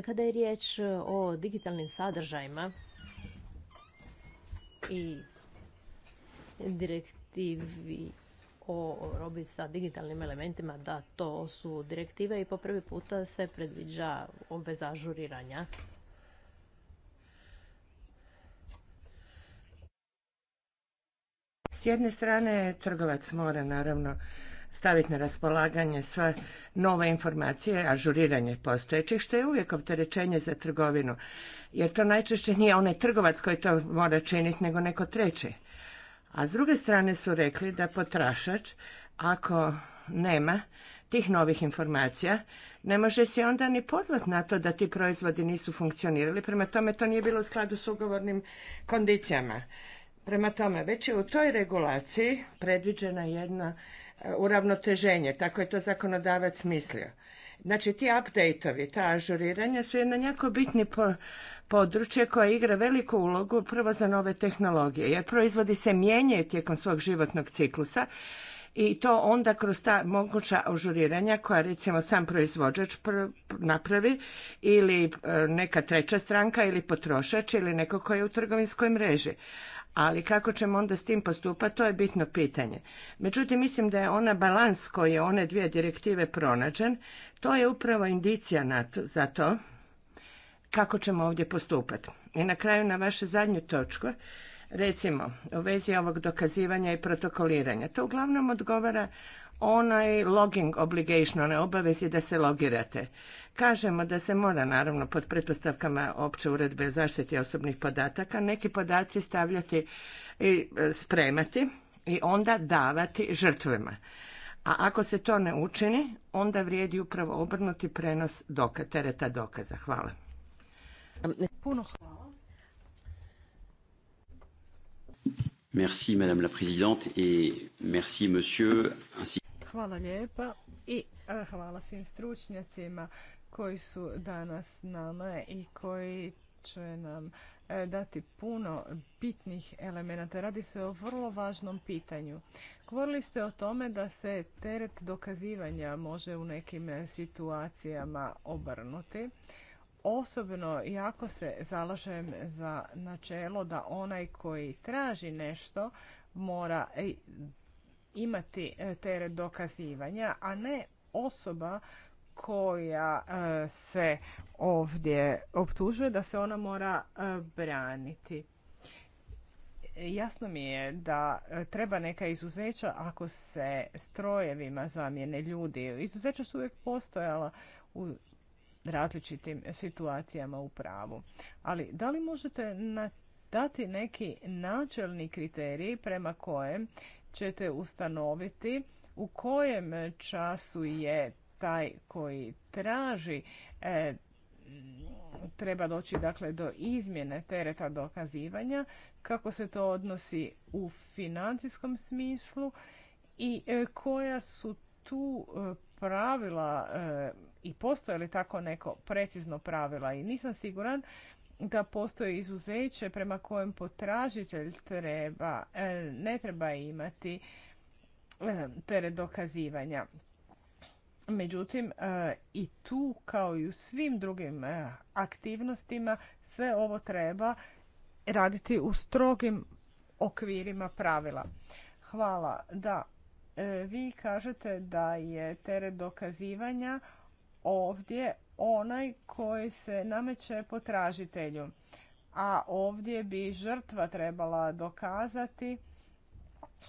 Kada je riječ o digitalnim sadržajima, i direktivi o robi sa digitalnim elementima, da to su direktive i po prvi puta se predviđa obveza ažuriranja. S jedne strane trgovac mora naravno staviti na raspolaganje sve nove informacije, ažuriranje postojećih, što je uvijek opterećenje za trgovinu. Jer to najčešće nije onaj trgovac koji to mora činiti, nego neko treći. A s druge strane su rekli da potrašač, ako nema tih novih informacija, ne može se onda ni pozvati na to da ti proizvodi nisu funkcionirali, prema tome to nije bilo u skladu s ugovornim kondicijama. Prema tome, već je u toj regulaciji predviđena jedna E, uravnoteženje, tako je to zakonodavac mislio. Znači ti update-ovi, ta ažuriranja su jedno jako bitni područje koje igra veliku ulogu prvo za nove tehnologije, jer proizvodi se mijenjaju tijekom svog životnog ciklusa i to onda kroz ta moguća ažuriranja koja recimo sam proizvođač napravi ili e, neka treća stranka ili potrošač ili neko koji je u trgovinskoj mreži ali kako ćemo onda s tim postupati, to je bitno pitanje. Međutim, mislim da je ona balans koji je one dvije direktive pronađen, to je upravo indicija za to kako ćemo ovdje postupati. I na kraju na vašu zadnju točku, recimo u vezi ovog dokazivanja i protokoliranja. To uglavnom odgovara onaj logging obligation, one obavezi da se logirate. Kažemo da se mora, naravno, pod pretpostavkama opće uredbe o zaštiti osobnih podataka, neki podaci stavljati i e, spremati i onda davati žrtvima. A ako se to ne učini, onda vrijedi upravo obrnuti prenos doka, tereta dokaza. Hvala. Puno hvala. Merci, Madame la Présidente, et merci, Monsieur, Hvala lijepa i hvala svim stručnjacima koji su danas s nama i koji će nam e, dati puno bitnih elemenata. Radi se o vrlo važnom pitanju. Govorili ste o tome da se teret dokazivanja može u nekim situacijama obrnuti. Osobno jako se zalažem za načelo da onaj koji traži nešto mora imati e, teret dokazivanja, a ne osoba koja e, se ovdje optužuje da se ona mora e, braniti. Jasno mi je da treba neka izuzeća ako se strojevima zamijene ljudi. Izuzeća su uvijek postojala u različitim situacijama u pravu. Ali da li možete dati neki načelni kriterij prema kojem ćete ustanoviti u kojem času je taj koji traži e, treba doći dakle do izmjene tereta dokazivanja kako se to odnosi u financijskom smislu i e, koja su tu e, pravila i postoje li tako neko precizno pravila i nisam siguran da postoji izuzeće prema kojem potražitelj treba, e, ne treba imati e, teret dokazivanja. Međutim, e, i tu kao i u svim drugim aktivnostima sve ovo treba raditi u strogim okvirima pravila. Hvala. Da, vi kažete da je teret dokazivanja ovdje onaj koji se nameće potražitelju. A ovdje bi žrtva trebala dokazati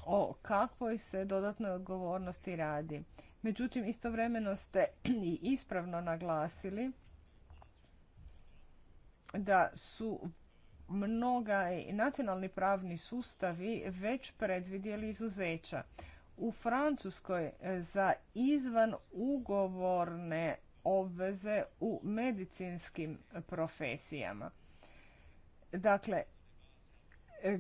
o kakvoj se dodatnoj odgovornosti radi. Međutim, istovremeno ste i ispravno naglasili da su mnoga nacionalni pravni sustavi već predvidjeli izuzeća. U Francuskoj za izvan ugovorne obveze u medicinskim profesijama. Dakle, e,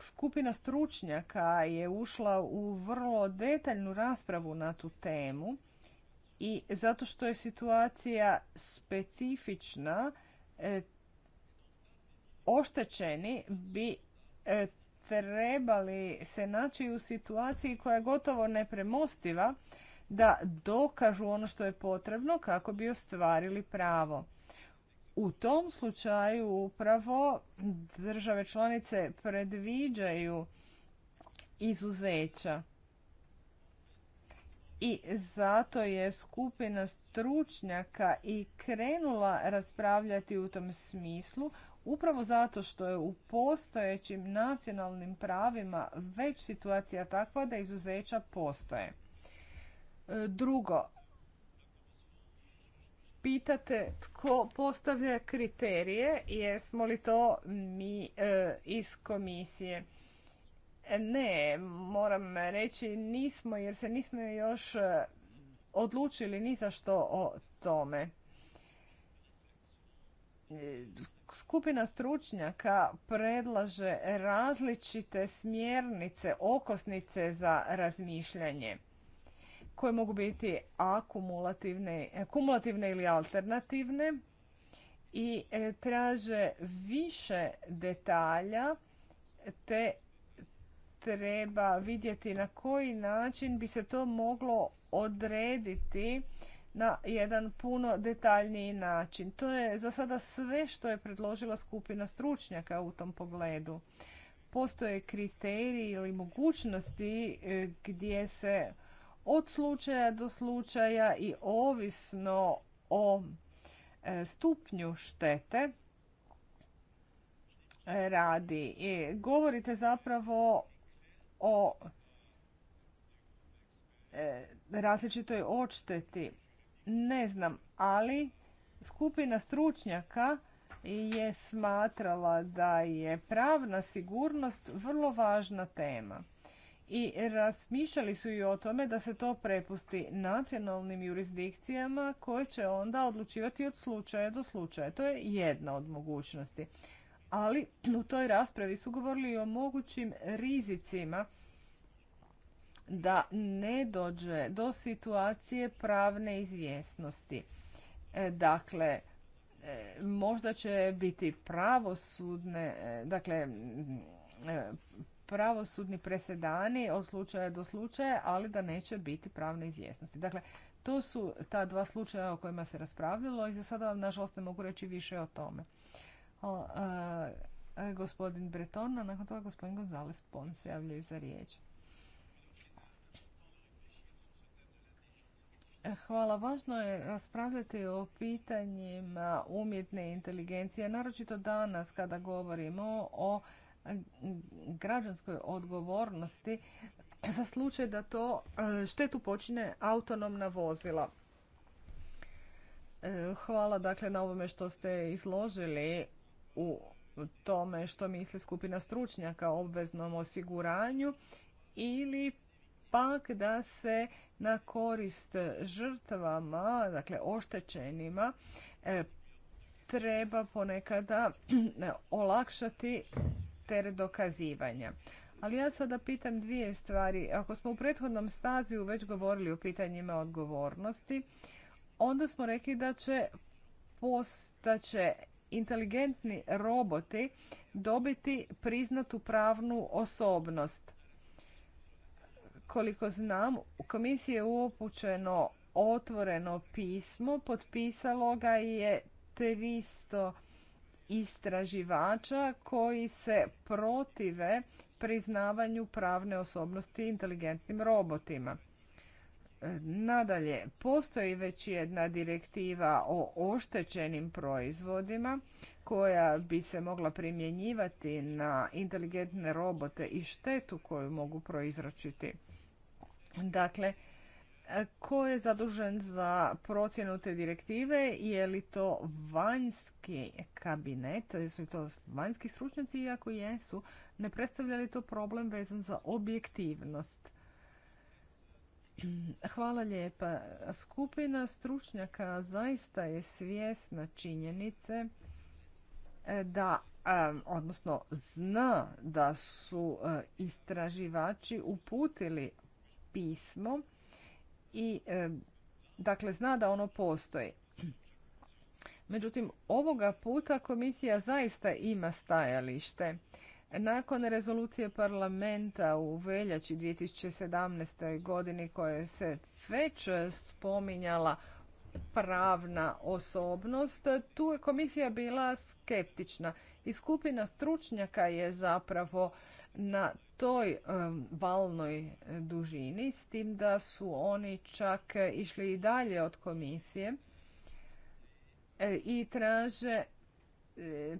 skupina stručnjaka je ušla u vrlo detaljnu raspravu na tu temu i zato što je situacija specifična, e, oštećeni bi e, trebali se naći u situaciji koja je gotovo nepremostiva, da dokažu ono što je potrebno kako bi ostvarili pravo. U tom slučaju upravo države članice predviđaju izuzeća. I zato je skupina stručnjaka i krenula raspravljati u tom smislu, upravo zato što je u postojećim nacionalnim pravima već situacija takva da izuzeća postoje. Drugo, pitate tko postavlja kriterije, jesmo li to mi e, iz komisije. Ne, moram reći nismo jer se nismo još e, odlučili ni za što o tome. Skupina stručnjaka predlaže različite smjernice, okosnice za razmišljanje koje mogu biti akumulativne, kumulativne ili alternativne i e, traže više detalja te treba vidjeti na koji način bi se to moglo odrediti na jedan puno detaljniji način. To je za sada sve što je predložila skupina stručnjaka u tom pogledu. Postoje kriteriji ili mogućnosti e, gdje se od slučaja do slučaja i ovisno o e, stupnju štete e, radi. govorite zapravo o e, različitoj odšteti. Ne znam, ali skupina stručnjaka je smatrala da je pravna sigurnost vrlo važna tema i razmišljali su i o tome da se to prepusti nacionalnim jurisdikcijama koje će onda odlučivati od slučaja do slučaja. To je jedna od mogućnosti. Ali u toj raspravi su govorili i o mogućim rizicima da ne dođe do situacije pravne izvjesnosti. E, dakle, e, možda će biti pravosudne, e, dakle, pravosudni presedani od slučaja do slučaja, ali da neće biti pravne izvjesnosti. Dakle, to su ta dva slučaja o kojima se raspravljalo i za sada vam, nažalost, ne mogu reći više o tome. O, e, e, gospodin Breton, a nakon toga gospodin Gonzales Pon se javljaju za riječ. E, hvala. Važno je raspravljati o pitanjima umjetne inteligencije, naročito danas kada govorimo o građanskoj odgovornosti za slučaj da to e, štetu počine autonomna vozila. E, hvala dakle na ovome što ste izložili u tome što misli skupina stručnjaka o obveznom osiguranju ili pak da se na korist žrtvama, dakle oštećenima, e, treba ponekada olakšati teret dokazivanja. Ali ja sada pitam dvije stvari. Ako smo u prethodnom staziju već govorili o pitanjima odgovornosti, onda smo rekli da će postaće inteligentni roboti dobiti priznatu pravnu osobnost. Koliko znam, u komisiji je uopućeno otvoreno pismo, potpisalo ga je 300 istraživača koji se protive priznavanju pravne osobnosti inteligentnim robotima. Nadalje, postoji već jedna direktiva o oštećenim proizvodima koja bi se mogla primjenjivati na inteligentne robote i štetu koju mogu proizročiti. Dakle, Ko je zadužen za procjenu te direktive? Je li to vanjski kabinet? Jesu li to vanjski stručnjaci? Iako jesu, ne predstavlja li to problem vezan za objektivnost? Hvala lijepa. Skupina stručnjaka zaista je svjesna činjenice e, da, e, odnosno zna da su e, istraživači uputili pismo i e, dakle zna da ono postoji. Međutim, ovoga puta komisija zaista ima stajalište. Nakon rezolucije parlamenta u veljači 2017. godini koje se već spominjala pravna osobnost, tu je komisija bila skeptična i skupina stručnjaka je zapravo na toj valnoj dužini, s tim da su oni čak išli i dalje od komisije e, i traže e,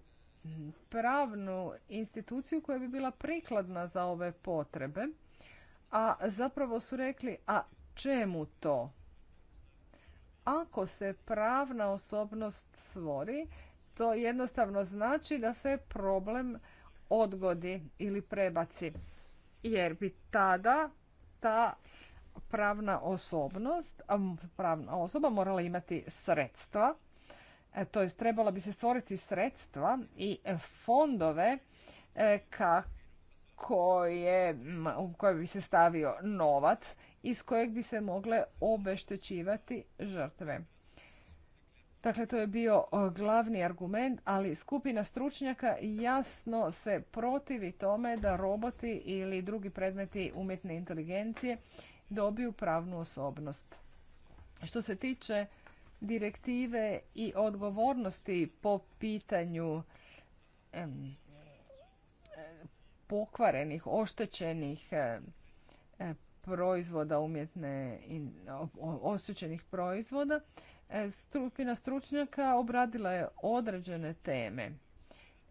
pravnu instituciju koja bi bila prikladna za ove potrebe, a zapravo su rekli a čemu to? Ako se pravna osobnost svori, to jednostavno znači da se problem odgodi ili prebaci. Jer bi tada ta pravna osobnost, pravna osoba morala imati sredstva, e, to jest trebala bi se stvoriti sredstva i e, fondove e, u koje bi se stavio novac iz kojeg bi se mogle obeštećivati žrtve. Dakle, to je bio glavni argument, ali skupina stručnjaka jasno se protivi tome da roboti ili drugi predmeti umjetne inteligencije dobiju pravnu osobnost. Što se tiče direktive i odgovornosti po pitanju pokvarenih, oštećenih e, e, proizvoda umjetne, oštećenih proizvoda, Skupina stručnjaka obradila je određene teme.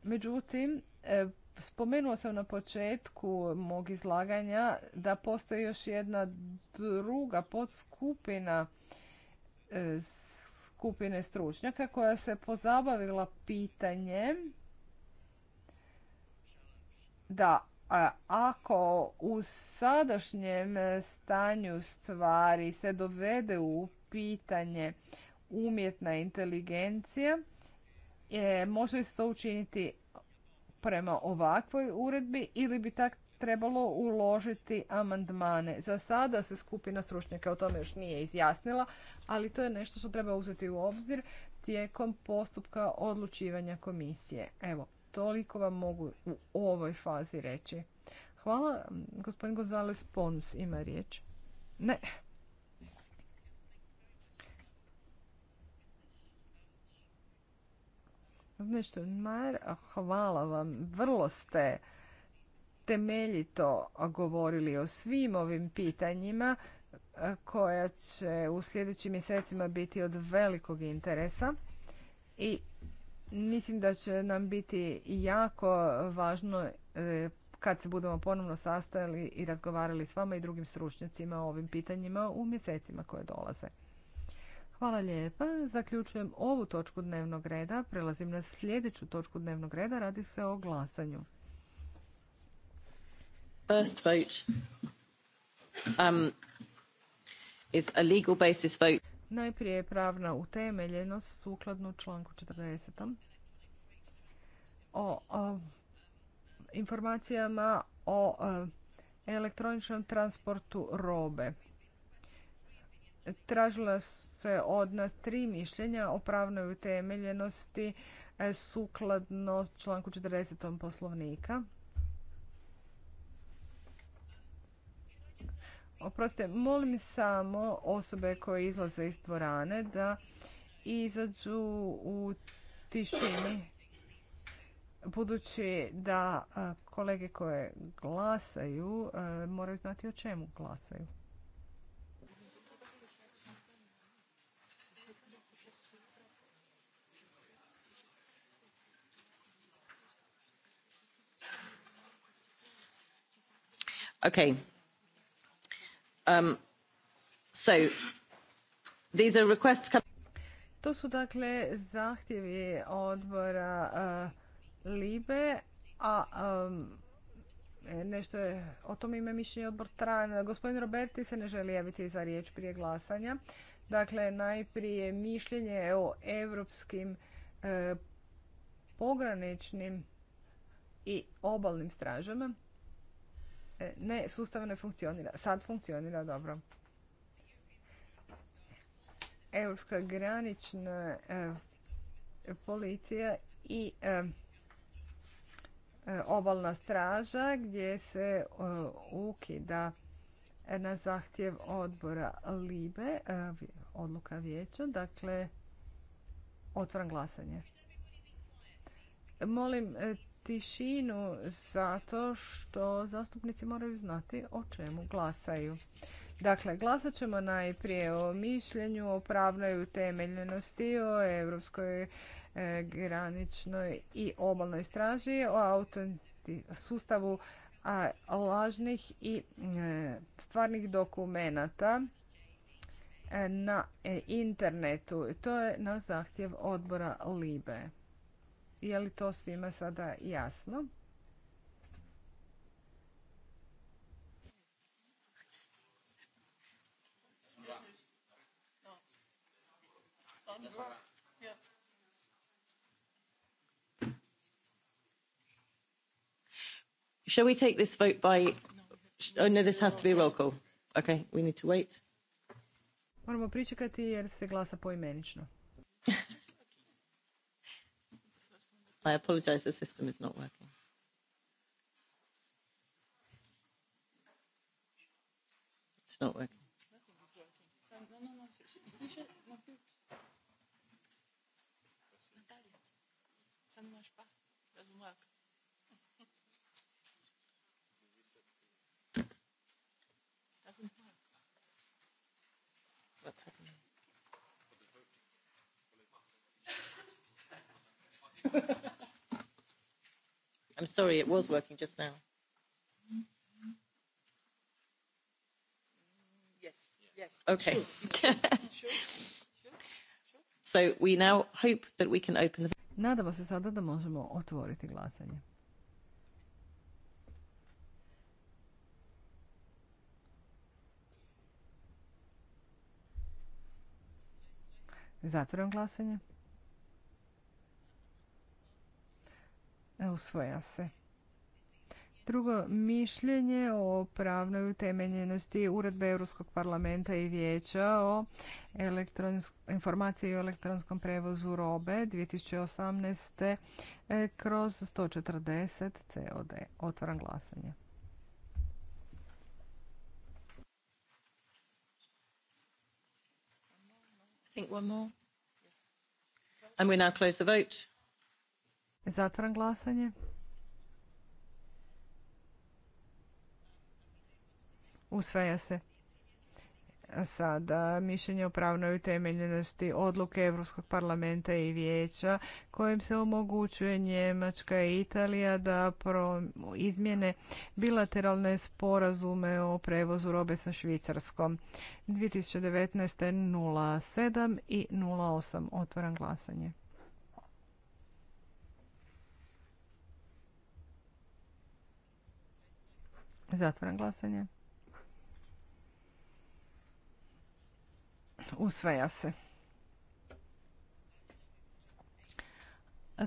Međutim, e, spomenuo sam na početku mog izlaganja da postoji još jedna druga podskupina e, skupine stručnjaka koja se pozabavila pitanjem da ako u sadašnjem stanju stvari se dovede u pitanje umjetna inteligencija. E, može li se to učiniti prema ovakvoj uredbi ili bi tak trebalo uložiti amandmane. Za sada se skupina stručnjaka o tome još nije izjasnila, ali to je nešto što treba uzeti u obzir tijekom postupka odlučivanja komisije. Evo, toliko vam mogu u ovoj fazi reći. Hvala. Gospodin Gozales Pons ima riječ. Ne. mar hvala vam. Vrlo ste temeljito govorili o svim ovim pitanjima e, koja će u sljedećim mjesecima biti od velikog interesa i mislim da će nam biti jako važno e, kad se budemo ponovno sastajali i razgovarali s vama i drugim stručnjacima o ovim pitanjima u mjesecima koje dolaze. Hvala lijepa. Zaključujem ovu točku dnevnog reda. Prelazim na sljedeću točku dnevnog reda. Radi se o glasanju. First vote um, is a legal basis vote. Najprije je pravna utemeljenost sukladno članku 40. O, informacijama o, o e, elektroničnom transportu robe tražila se od nas tri mišljenja o pravnoj utemeljenosti e, sukladno članku 40. poslovnika. Oprostite, molim samo osobe koje izlaze iz dvorane da izađu u tišini. Budući da kolege koje glasaju e, moraju znati o čemu glasaju. Okay. Um, so, these are requests... To su dakle zahtjevi odbora uh, Libe, a um, nešto je, o tom ime mišljenje odbor Tran. Gospodin Roberti se ne želi javiti za riječ prije glasanja. Dakle, najprije mišljenje o europskim uh, pograničnim i obalnim stražama. E, ne, sustav ne funkcionira. Sad funkcionira dobro. Europska granična e, policija i e, obalna straža gdje se ukida na zahtjev odbora Libe, odluka vijeća, dakle otvoran glasanje. Molim tišinu zato što zastupnici moraju znati o čemu glasaju. Dakle, glasat ćemo najprije o mišljenju, o pravnoj utemeljenosti, o Europskoj e, graničnoj i obalnoj straži, o autenti, sustavu lažnih i e, stvarnih dokumenata e, na internetu. To je na zahtjev odbora LIBE. Je li to svima sada jasno? Shall we take this vote by... Oh, no, this has to be a roll call. Okay, we need to wait. Moramo pričekati jer se glasa poimenično. I apologize, the system is not working. It's not working. Sorry, it was working just now. Yes, yes. Okay. Sure. Sure. Sure. so we now hope that we can open the... Nadamo se sada da možemo otvoriti glasanje. Zatvorim glasanje. usvoja se. Drugo, mišljenje o pravnoj utemeljenosti Uredbe Europskog parlamenta i vijeća o informaciji o elektronskom prevozu robe 2018. E, kroz 140 COD. Otvaram glasanje. I think one more. Zatvaram glasanje. Usvaja se. Sada mišljenje o pravnoj utemeljenosti odluke Europskog parlamenta i vijeća kojim se omogućuje Njemačka i Italija da pro izmjene bilateralne sporazume o prevozu robe sa Švicarskom. 2019. 07 i 08. Otvaram glasanje. Zatvaram glasanje. Usvaja se.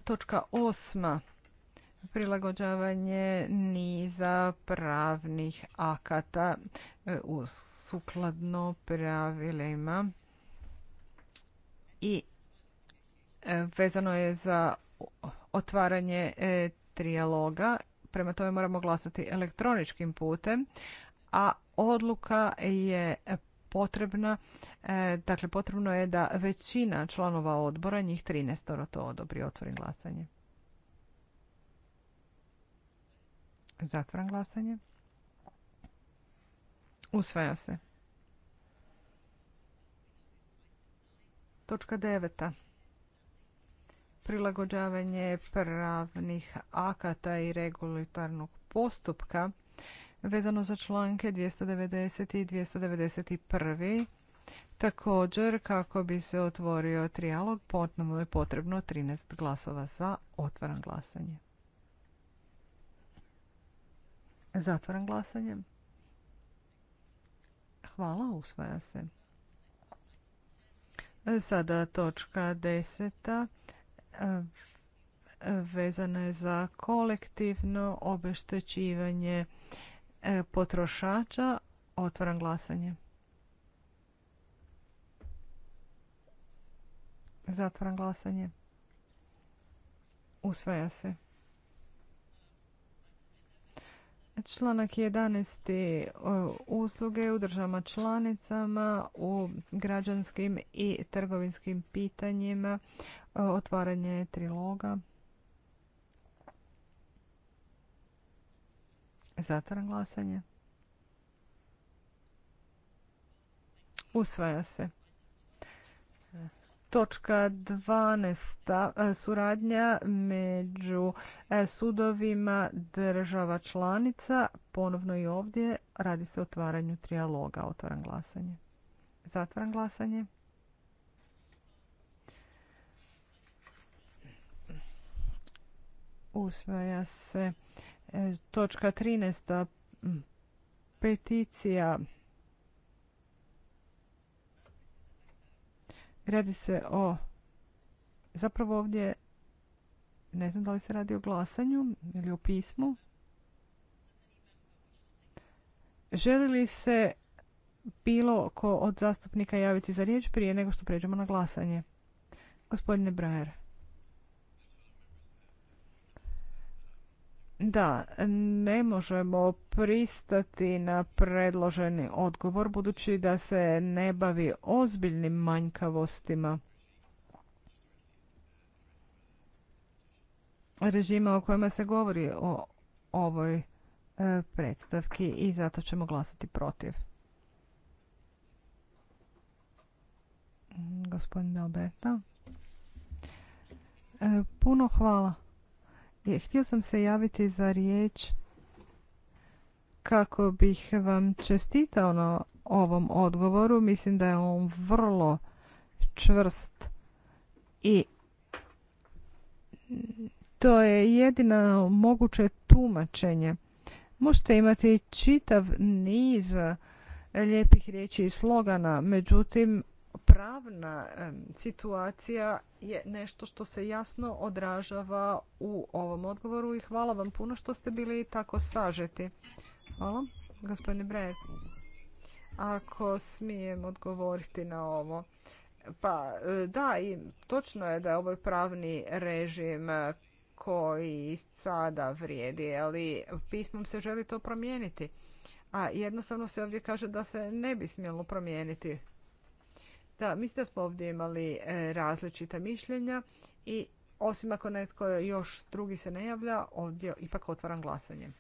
Točka osma. Prilagođavanje niza pravnih akata e, u sukladno pravilima i e, vezano je za otvaranje e, trijaloga prema tome moramo glasati elektroničkim putem, a odluka je potrebna, e, dakle potrebno je da većina članova odbora, njih 13 to odobri, otvorim glasanje. Zatvaram glasanje. Usvaja se. Točka deveta prilagođavanje pravnih akata i regulatornog postupka vezano za članke 290. i 291. Također, kako bi se otvorio trijalog, potnomu je potrebno 13 glasova za otvaran glasanje. Zatvaram glasanje. Hvala, usvaja se. Sada točka deseta vezana je za kolektivno obeštećivanje e, potrošača. otvoram glasanje. Zatvaram glasanje. Usvaja se. Članak 11. usluge u državama članicama u građanskim i trgovinskim pitanjima, otvaranje triloga. Zatvaram glasanje. Usvaja se. Točka 12. E, suradnja među e, sudovima država članica. Ponovno i ovdje radi se o otvaranju trijaloga. Otvaram glasanje. Zatvaram glasanje. Usvaja se e, točka 13. Peticija Radi se o... Zapravo ovdje ne znam da li se radi o glasanju ili o pismu. Želi li se bilo ko od zastupnika javiti za riječ prije nego što pređemo na glasanje? Gospodine Brajer. Da, ne možemo pristati na predloženi odgovor budući da se ne bavi ozbiljnim manjkavostima režima o kojima se govori o ovoj e, predstavki i zato ćemo glasati protiv. Gospodin Alberta. E, puno hvala. E, htio sam se javiti za riječ kako bih vam čestitao na ovom odgovoru. Mislim da je on vrlo čvrst i to je jedino moguće tumačenje. Možete imati čitav niz lijepih riječi i slogana, međutim pravna situacija je nešto što se jasno odražava u ovom odgovoru i hvala vam puno što ste bili tako sažeti. Hvala, gospodine Brejer. Ako smijem odgovoriti na ovo. Pa e, da, i točno je da je pravni režim e, koji sada vrijedi, ali pismom se želi to promijeniti. A jednostavno se ovdje kaže da se ne bi smjelo promijeniti da, mislim da smo ovdje imali e, različita mišljenja i osim ako netko još drugi se ne javlja, ovdje ipak otvaram glasanje.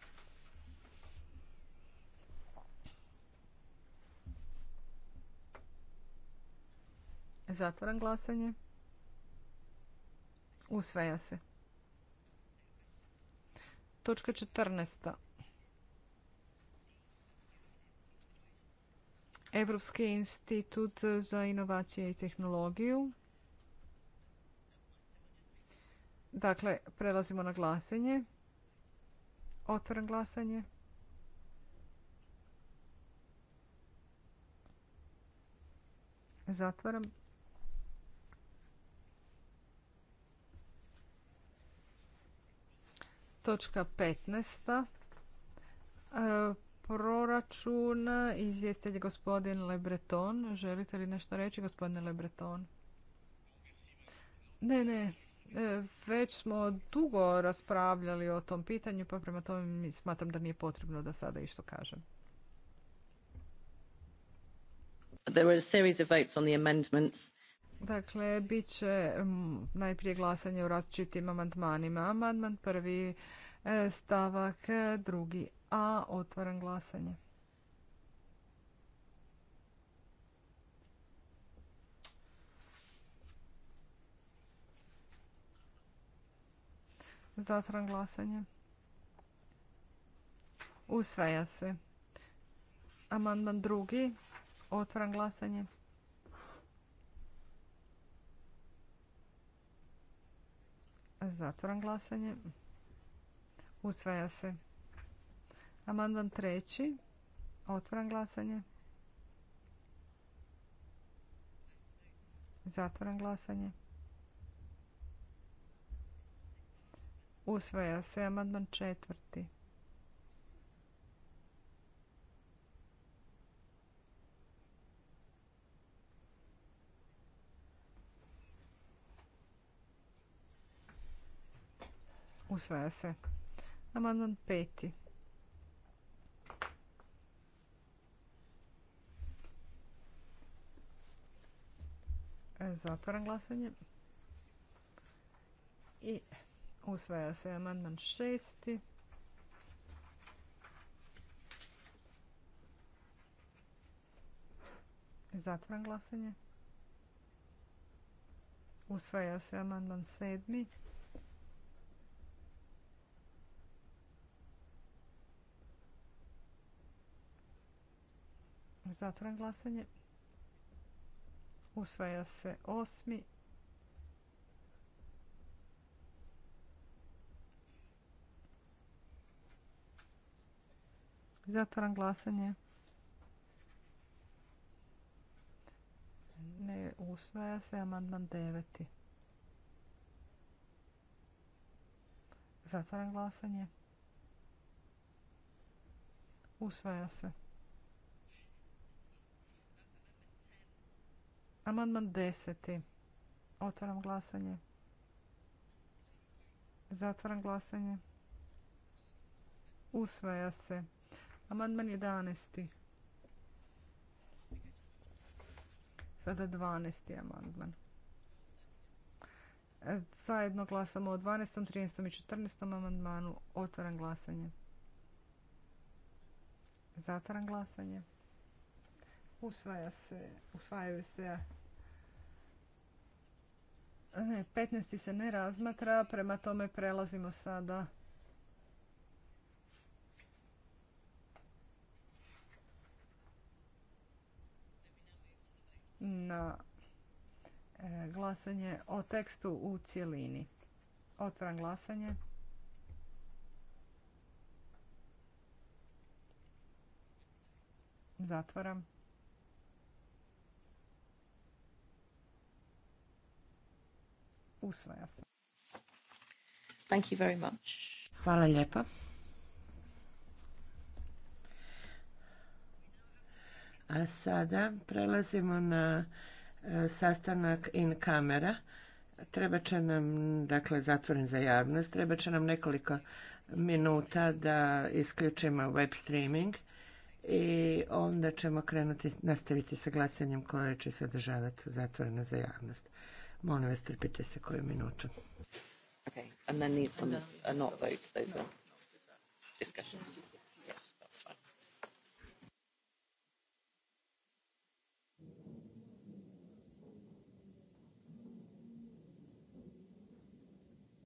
Zatvaram glasanje. Usvaja se. Točka 14. Europski institut za inovacije i tehnologiju. Dakle, prelazimo na glasanje. Otvoram glasanje. Zatvaram. Točka 15 proračun. Izvjestitelj gospodin Lebreton. Želite li nešto reći gospodine Lebreton? Ne, ne. E, već smo dugo raspravljali o tom pitanju, pa prema tome smatram da nije potrebno da sada išto kažem. Dakle, bit će najprije glasanje o različitim amandmanima. Amandman prvi e, stavak, e, drugi a otvaram glasanje. Zatvaram glasanje. Usvaja se. Amandman drugi. Otvaram glasanje. Zatvaram glasanje. Usvaja se. Amandman treći. Otvaram glasanje. Zatvaram glasanje. Usvaja se amandman četvrti. Usvaja se. Amandman peti. Zatvaram glasanje. I usvaja se amandman šesti. Zatvaram glasanje. Usvaja se amandman sedmi. Zatvaram glasanje. Usvaja se osmi. Zatvaram glasanje. Ne usvaja se amandman deveti. Zatvaram glasanje. Usvaja se. Amandman deseti. Otvaram glasanje. Zatvaram glasanje. Usvaja se. Amandman 11. Sada 12. amandman. E, zajedno glasamo o 12., 13. i 14. amandmanu. Otvaram glasanje. Zatvaram glasanje. Usvaja se, usvajaju se. Ne, 15. se ne razmatra, prema tome prelazimo sada na e, glasanje o tekstu u cjelini. Otvaram glasanje. Zatvaram. Usvaja Thank you very much. Hvala lijepa. A sada prelazimo na e, sastanak in kamera. Treba će nam, dakle, zatvoren za javnost, treba će nam nekoliko minuta da isključimo web streaming i onda ćemo krenuti, nastaviti sa glasanjem koje će se održavati zatvoreno za javnost. Molim vas, trpite se koju minutu. Okay, and then these ones are not votes, those are discussions.